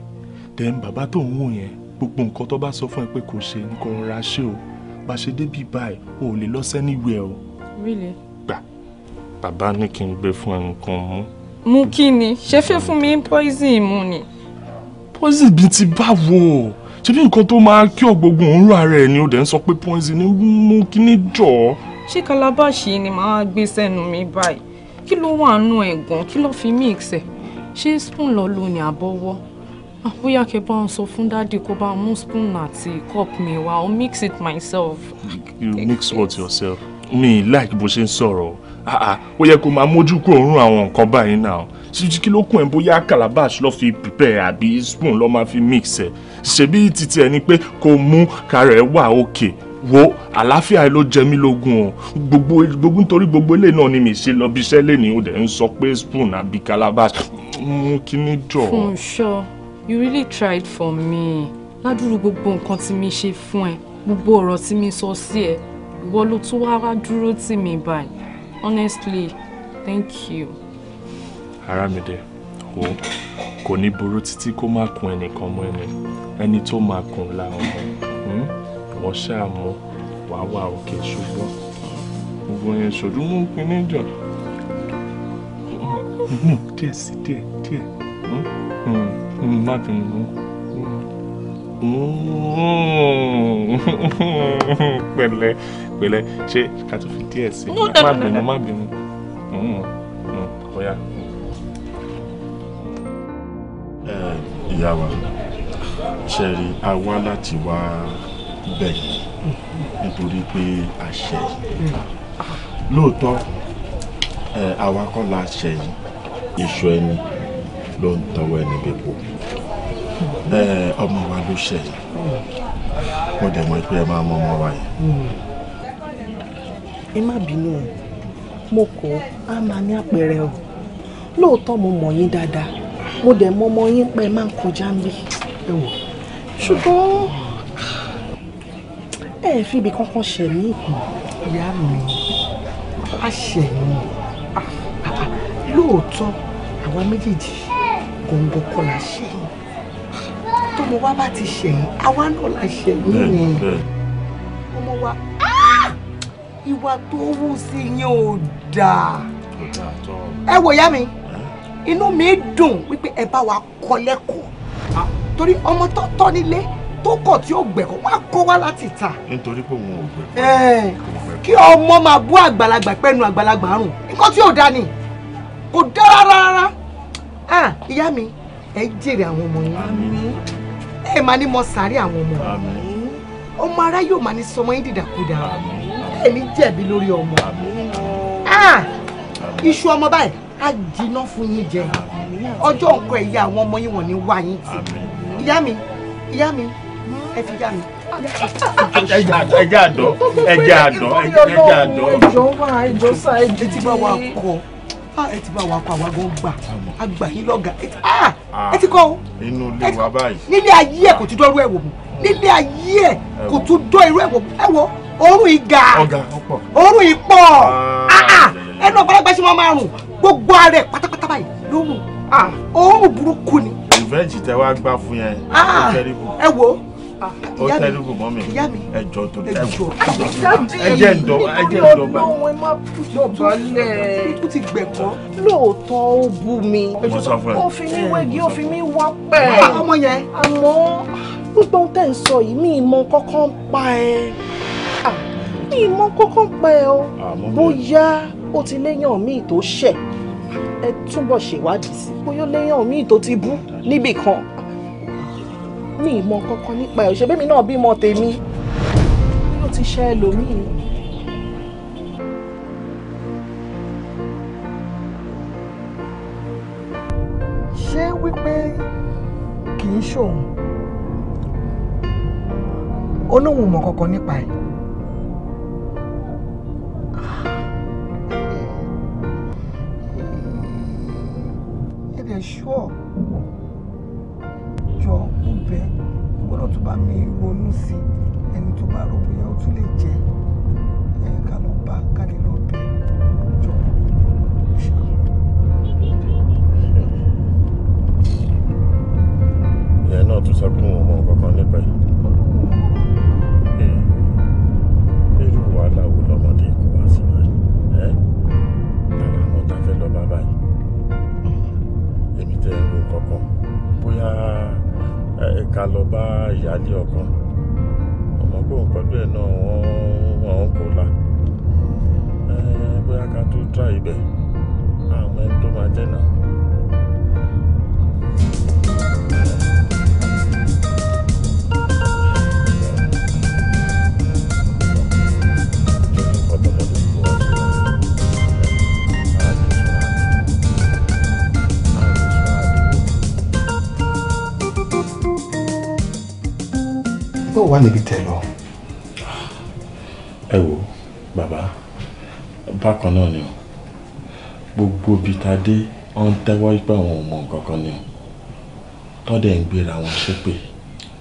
S4: Dẹ̀n bàbá tó ń wò yẹn, gbogbo nǹkan tó bá sọ fún ẹ pé kò ṣe ní kò ṣe o bá ṣe débi báyìí o ò lè lọ sẹ́niwẹ̀ o.
S1: really. gbà
S4: bàbá ní kí n gbé fún ẹnìkan mú.
S1: mú kí ni ṣé fẹ́ fún mi poison mu ni.
S4: poison bíi ti báwo ṣé bí nǹkan tó máa kí ògbógun òun rà rẹ̀ ni o dẹ̀ ń sọ pé poison ni mú kí ni jọ.
S1: ṣé kalabashi ni màá gbé sẹ́nu mi báyìí kí ló wà nù ẹ̀gàn kí ló fi mí ìksẹ̀ ṣé spoon lọ lo ni àbọ̀wọ́ bóyá kẹ bá ń sọ fún dáàdì kó bá mú spoon àti cup mi wá o mix it myself.
S4: you mix what yourself mi like bó ṣe ń sọ̀rọ̀ ah, ah, ó yẹ kó máa mójú kó òórùn àwọn nǹkan báyìí náà ṣíṣí kí ló kún ẹ bóyá calabash ló fi prepare àbí spoon ló máa fi mix ẹ ṣebí títí ẹ ni pé kó mú kárẹ̀ wà òkè wo àlàáfíà ló jẹ mí lógún o gbogbo gbogbo nítorí gbogbo ilé náà ni mi ṣe lọ bí iṣẹ́ lé ní o dẹ̀ ń sọ pé spoon àbí calabash mú kíní jọ. fún
S1: sure you really tried for me ládùúrú gbogbo nǹkan tí mi ṣe fún ẹ gbogbo ọ̀rọ̀ tí mi sọ sí ẹ ìwọ ló tún wá wá dúró tì mí báyìí honestly thank you.
S4: Àràmídé o, kò ní burú títí kó má kun ẹnìkan mọ́ ẹni ẹni tó máa kun la ọmọ hmm? wọ́n ṣáà mú wàá wà òkè ṣùgbọ́n gbogbo yẹn ṣojú mú pinnu jọ hmm, díẹ̀ sí díẹ̀ díẹ̀. Hmm? má fi mú. pẹ̀lẹ́ pẹ̀lẹ́ ṣe ká tó fi díẹ̀ sí i má bínú má bínú
S2: ọ̀ya. ìyá wa ṣe rí a wá láti wá bẹ̀yìn nítorí pé a ṣẹ̀ yìí lóòótọ́ àwa kọ́ la ṣẹ̀ yìí èso ẹni ló ń tọwọ́ ẹni bẹ́ẹ̀ bò. Eh, ọmọ wa ló ṣe yìí mo dẹ̀ mọ̀ pé ẹ máa mọ ọmọ wa yìí.
S1: ẹ má bínú o mo kọ á máa ní àpẹẹrẹ o lóòótọ́ mo mọ̀ yín dáadáa mo dẹ̀ mọ ọmọ yín pé ẹ máa ń kọjá ń bí ẹ ṣùgbọ́n ẹ fi ibì kankan ṣẹ̀ mí ìyá mi á ṣẹ̀ mí ah, ah, ah, lóòótọ́ àwa méjèèjì gbọ̀ngbọ̀n kọ́ la ṣe tọmọ wa bá ti ṣẹ̀yìn àwa náà la ṣẹ̀yìn ni ọmọ wa ah! ìwà tó wù sí yẹn ò dáa ẹ wò yá mi inú mi dùn wípé ẹ bá wa kọ́ lẹ́kọ̀ọ́ ah. torí ọmọ tó tọ́ nílé tó kọ̀ tí ó gbẹ̀kọ́ wá kọ́ wá láti ta. nítorí pé òun ò gbẹ̀kọ́. kí ọmọ máa bú àgbàlagbà pẹ́nu àgbàlagbà rùn nǹkan tí ò da ni kò dára rárá. Ah, ìyá mi ẹ jèrè àwọn ọmọ yẹn ẹ máa ní mọ sàárẹ̀ àwọn ọmọ ọmọ ara yóò máa ní sọmọ yín dìdàkudà ẹ ní jẹ̀bi lórí ọmọ iṣu ọmọ báyìí á jiná fún yín jẹ ọjọ́ nǹkan ẹ̀yà àwọn ọmọ yín wọ̀n ní wá yín tì ìyá mi ìyá mi ẹ fi yá mi ẹjẹ
S2: àdán ẹjẹ àdán ẹjẹ àdán. ẹjọ
S1: wà ẹjọ sá ẹjẹ tí Ah, ẹ ti bá wa pa wa gan gbà àgbà yín lọ́gà ah, ah, ẹ ti kọ́ o. inú ilé wa báyìí. nílé ayé ẹ kò tún dọ́rú ẹ̀ wò mọ́ nílé ayé ẹ kò tún dọ́ irú ẹ̀ wò mọ́ ẹ wò òórùn ìga òórùn ìpọ̀ ẹnu ọ̀pọ̀lọpọ̀ ṣe máa rùn gbogbo ara ẹ̀ pátápátá báyìí ló mú òórùn burúkú ni.
S2: ìfẹ́ jìtẹ́ wá gbà fún yẹn.
S1: ẹ wo Ah, ó tẹ́lifù
S2: mọ́ mi ẹjọ́ tó tẹ́lifù ẹjẹ́ ǹdọ́ ẹjẹ́ ǹdọ́ bá. ọmọ
S1: ẹ má jọba lẹ ó ti gbẹ̀kọ́ lóòótọ́ ó bú mi ó fi mí wégi ó fi mí wá pẹ́ ọmọ yẹn àmọ́ gbogbo ohun tẹ́ ń sọ yìí mi ìmọ̀ kọ́kọ́ ń pa ẹ́ mi ìmọ̀ kọ́kọ́ ń pa ẹ́ o bóyá ó ti léyàn míì tó ṣẹ̀ ẹ túbọ̀ ṣèwádìí sí bóyá ó léyàn míì tó ti bú níbì kan mi ìmọ̀ kankan nípa ẹ̀ ṣe bẹ́mi náà bímọ tèmi yóò ti ṣe ẹlòmíì. ṣé wípé kì í ṣòun ó lóun mọ̀ kankan nípa ẹ̀.
S2: try ibẹ̀ àwọn ẹni tó máa jẹ́ náà. bó wà níbi tẹ lọ. ẹ wo ni o gbogbo ibi tá a dé ọ̀ ń tẹ́wọ́ pé àwọn ò mọ nǹkan kan ni tọ́dẹ̀ ń gbéra wọn ṣépè.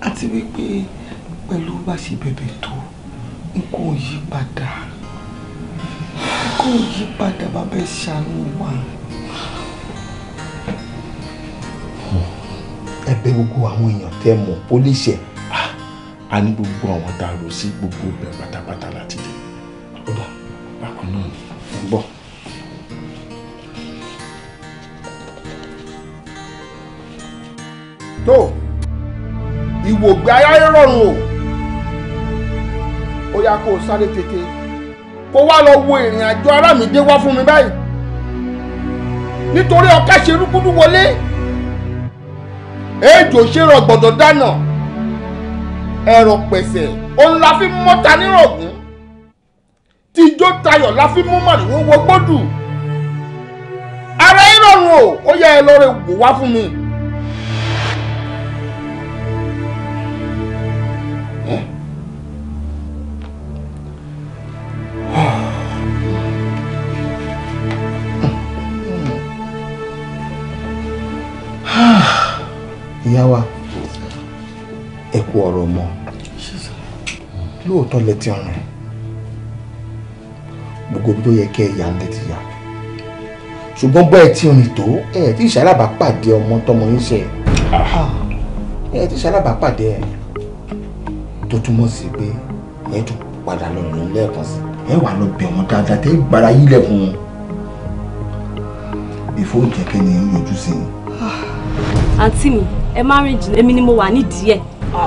S3: àti wípé
S1: pẹ̀lú bá ṣe bẹ̀bẹ̀ tó nǹkan ò yí padà nǹkan ò yí padà bàbá ẹ̀ wa. ẹ̀bẹ̀ gbogbo àwọn èèyàn tẹ́ mọ̀ pólíṣẹ.
S2: Ah, a ní gbogbo àwọn tá a rò sí gbogbo ibẹ̀ pátápátá láti dé.
S1: tó ìwògbé ayáyé rọrùn o ó yá kó o sáré tètè kó wá lọ wo ìrìn àjò Àràmídé wá fún mi báyìí nítorí ọ̀ká ṣe rúkúdú wọlé èjò ṣe rọgbọ̀dọ̀ dáná ẹ̀rọ pẹ̀sẹ̀ òun la fi mọ́ta nírọ̀gùn tíjó tayọ̀ la fi mú màrìwó wọgbọ́dù ara yín rọrùn o ó yá ẹ lọ́ọ́ rẹ̀ wò wá fún mi. wa ẹ kú ọ̀rọ̀ mọ́ lóòótọ́ lẹ ti rìn
S2: gbogbo ibi tó yẹ kẹ́ ẹ yà ń tètè yà ṣùgbọ́n bọ́ ẹ ti rìn tó ẹ ti
S1: ṣalábàápàdé ọmọ tọmọ yín ṣe
S2: ẹ ti ṣalábàápàdé ẹ
S1: tó túmọ̀ sí pé ẹ tún padà lọ lọ lẹ́ẹ̀kan sí ẹ wà lọ bẹ̀ wọ́n dáadáa tẹ́ gbára yín lẹ́kùn ìfowópamọ́ kẹ́kẹ́ ni yóò yọjú sí i. àǹtí mi ẹ má rìn jìnnà èmi ni mo wà nídìí ẹ̀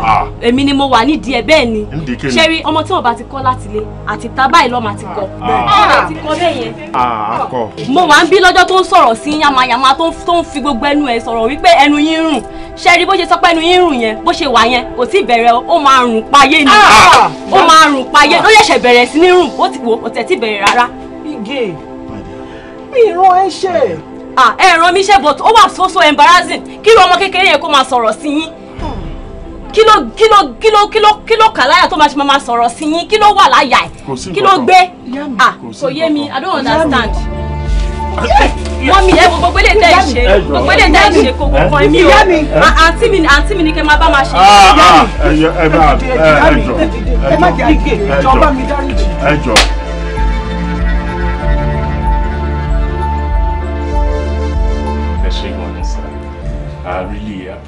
S1: ah. èmi ni mo wà nídìí ẹ̀ bẹ́ẹ̀ ni ṣé rí ọmọ tí wọn bá ti kọ́ láti ilé àti ta báyìí lọ́ọ́ máa ti kọ́ ọ̀rọ̀ ah. ti kọ́ bẹ́ẹ̀ yẹn.
S2: Ah, mo wà ń
S1: bí lọ́jọ́ tó ń sọ̀rọ̀ sí yamayama tó ń fi gbogbo ẹnu ẹ̀ sọ̀rọ̀ wípé ẹnu yín rùn ṣe rí bó ṣe sọ pé ẹnu yín rùn yẹn bó ṣe wà yẹn kò tí ì bẹ̀rẹ̀ ó máa rùn payé ni ó máa rùn payé ló ṣẹ̀ṣẹ̀ bẹ̀rẹ̀ sí ní rùn ó ti wò ó tẹ̀ tí ì bẹ̀rẹ̀ rárá. ige mi ìran ẹ ṣe ah ẹ ràn mí ṣe but ó wà so so embarrassing kí ló ọmọ kékeré yẹn kó máa sọ̀rọ̀ sí yín kí ló kí ló kí ló kí ló kí ló kà láyà tó máa ṣe máa sọ̀rọ̀ sí yín kí ló wà láyà
S2: ẹ̀ kí ló
S1: gbé ah kò yé mi i don't understand mọ́mí ẹ wo gbogbo eléyìí tẹ́ ẹ ṣe gbogbo eléyìí tẹ́ ẹ ṣe kò kò kàn mí o àǹtí mi àǹtí mi ni kẹ́ máa bá máa ṣe. Ah, ah,
S2: ẹ jọ ẹ jọ ẹ jọ ẹ jọ.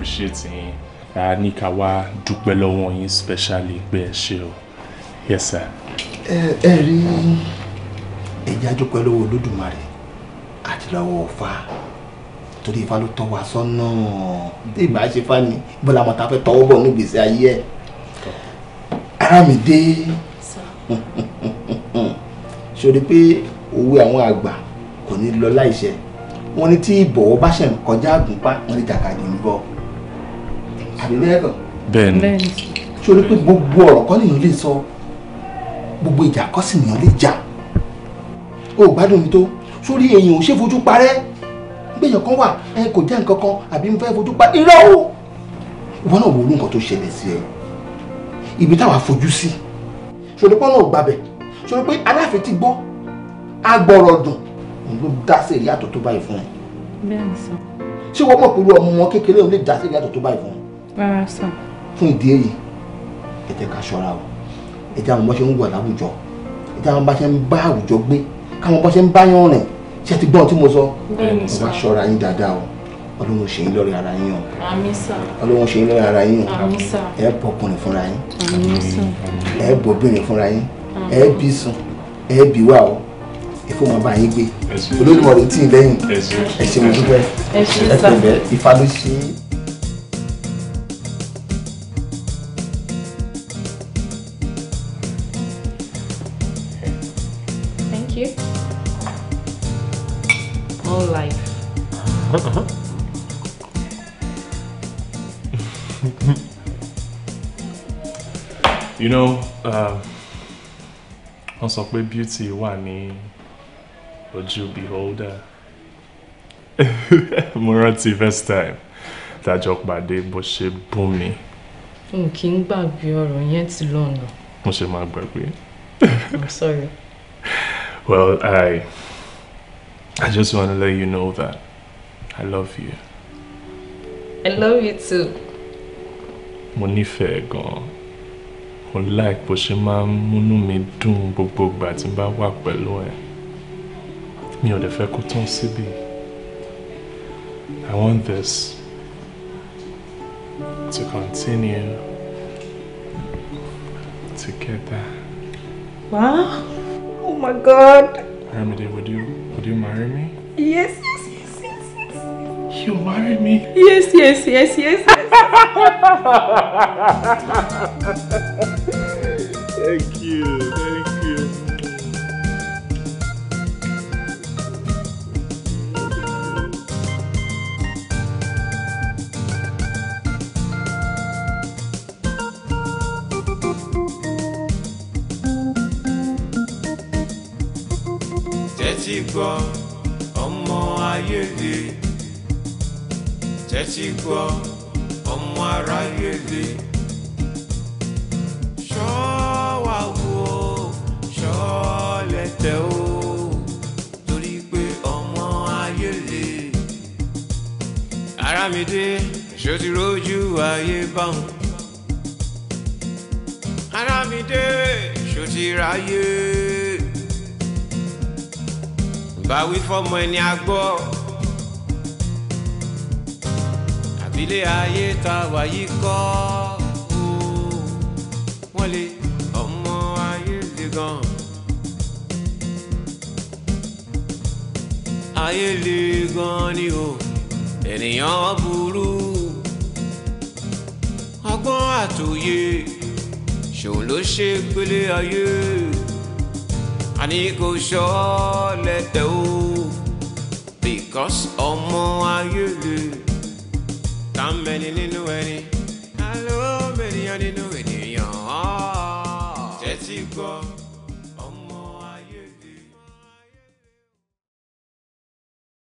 S4: appreciate yín a ní ká wá dúpẹ́ lọ́wọ́ yín specially pé ẹ ṣe o yes sir.
S1: ẹ ẹ rí ẹja dúpẹ́ lọ́wọ́ olódùmarè àti lọ́wọ́ ọ̀fà torí ifá ló tọ́ wa sọ́nà ìgbà ṣe fá ni bọ́lá mọ̀ta fẹ́ tọwọ́ bọ̀ ní gbèsè ayé ẹ̀ ara mi dé sori pé òwe àwọn àgbà kò ní lọ láìṣẹ wọn ní tí ìbọ̀wọ̀ bá ṣe ń kọjá àgùnpá wọn ní jàkadì ń bọ̀ àbí bẹ́ẹ̀ kọ́.
S4: bẹ́ẹ̀ni.
S1: sori pé gbogbo ọ̀rọ̀ kọ́ nìyẹn lè sọ gbogbo ìjà kọ́ sì nìyẹn lè jà o gbádùn mi tó sórí èyàn ò ṣe fojú parẹ́ gbẹ̀yàn kan wà ẹ kò jẹ́ nǹkan kan àbí mo fẹ́ fojú pa irọ́ o ìwọ náà wo olú nǹkan tó ṣẹlẹ̀ sí ẹ ibi táwa fojú sí sori pé ọ̀nà gbàbẹ̀ sori pé aláfẹ́ ti gbọ́ agbọ̀rọ̀ dùn òun ló dá sí ìyàtọ̀ tó báyìí fún ẹ. bẹ́ẹ̀ ni sọ. ṣé wọ́n mọ̀ pẹ̀lú ọmọ wọn kékeré òun lè dá sí ìyàtọ̀ tó báyìí fún ẹ rárá sàn. fún ìdí èyí ẹ jẹ́ ká ṣọ́ra o ẹ jẹ́ àwọn bá ṣe ń wà láwùjọ ẹ jẹ́ àwọn bá ṣe ń bá àwùjọ gbé káwọn bá ṣe ń báyàn rìn ṣe ti gbọ́n tí mo sọ mo bá ṣọ́ra yín dáadáa o ọlọ́run ṣe yín lórí ara yín o ọlọ́run ṣe yín lórí ara yín o ẹ bọkùnrin fúnra yín ẹ bọbìnrin fúnra yín ẹ bí sùn ẹ o èkó máa bá yín gbé olódùmọ̀rẹ́ tì í lẹ́yìn ẹ ṣe mo dúpẹ́ ìfàlùsí. Uh-huh.
S4: you know uh, wọ́n sọ pé beauty wà ní ojú beholder mo rántí first time tájọ pàdé bó ṣe bùn mi.
S1: n kì í gbàgbé ọ̀rọ̀ yẹn ti lọ́nà.
S4: mo ṣe máa gbàgbé. i'm sorry. well i i just wanna let you know that I love you.
S3: I love you too.
S4: Mo nífẹ̀ẹ́ gan-an. Mo like bó ṣe máa ń múnú mi dùn gbogbo ìgbà tí n bá wà pẹ̀lú ẹ. Mi ò lè fẹ́ kó tán síbí. I want this to continue together.
S1: Wow! Oh my God!
S4: Remedy, would you would you marry me?
S1: Yes. you'll marry me. Yes, yes, yes, yes. yes.
S2: Thank you.
S5: tẹ́tí gbọ́ ọmọ aráyé le ṣọ́ wa wo ṣọ́ lẹ́tẹ̀ o torí pé ọmọ ayé le Àràmídé ṣó ti rójú ayé báwọn Àràmídé ṣó ti ráyé báwí fọmọ ẹni a gbọ́. ilé ayé ta wàyí kọ́ o wọ́n lè ọmọ ayé le gan. ayé le gan ni o ènìyàn burú ọgbọ́n àtòyé ṣòun ló ṣe gbélé ayé àní kò ṣọ́ lẹ́tẹ̀ o because ọmọ ayé le. I'm bending in the wedding.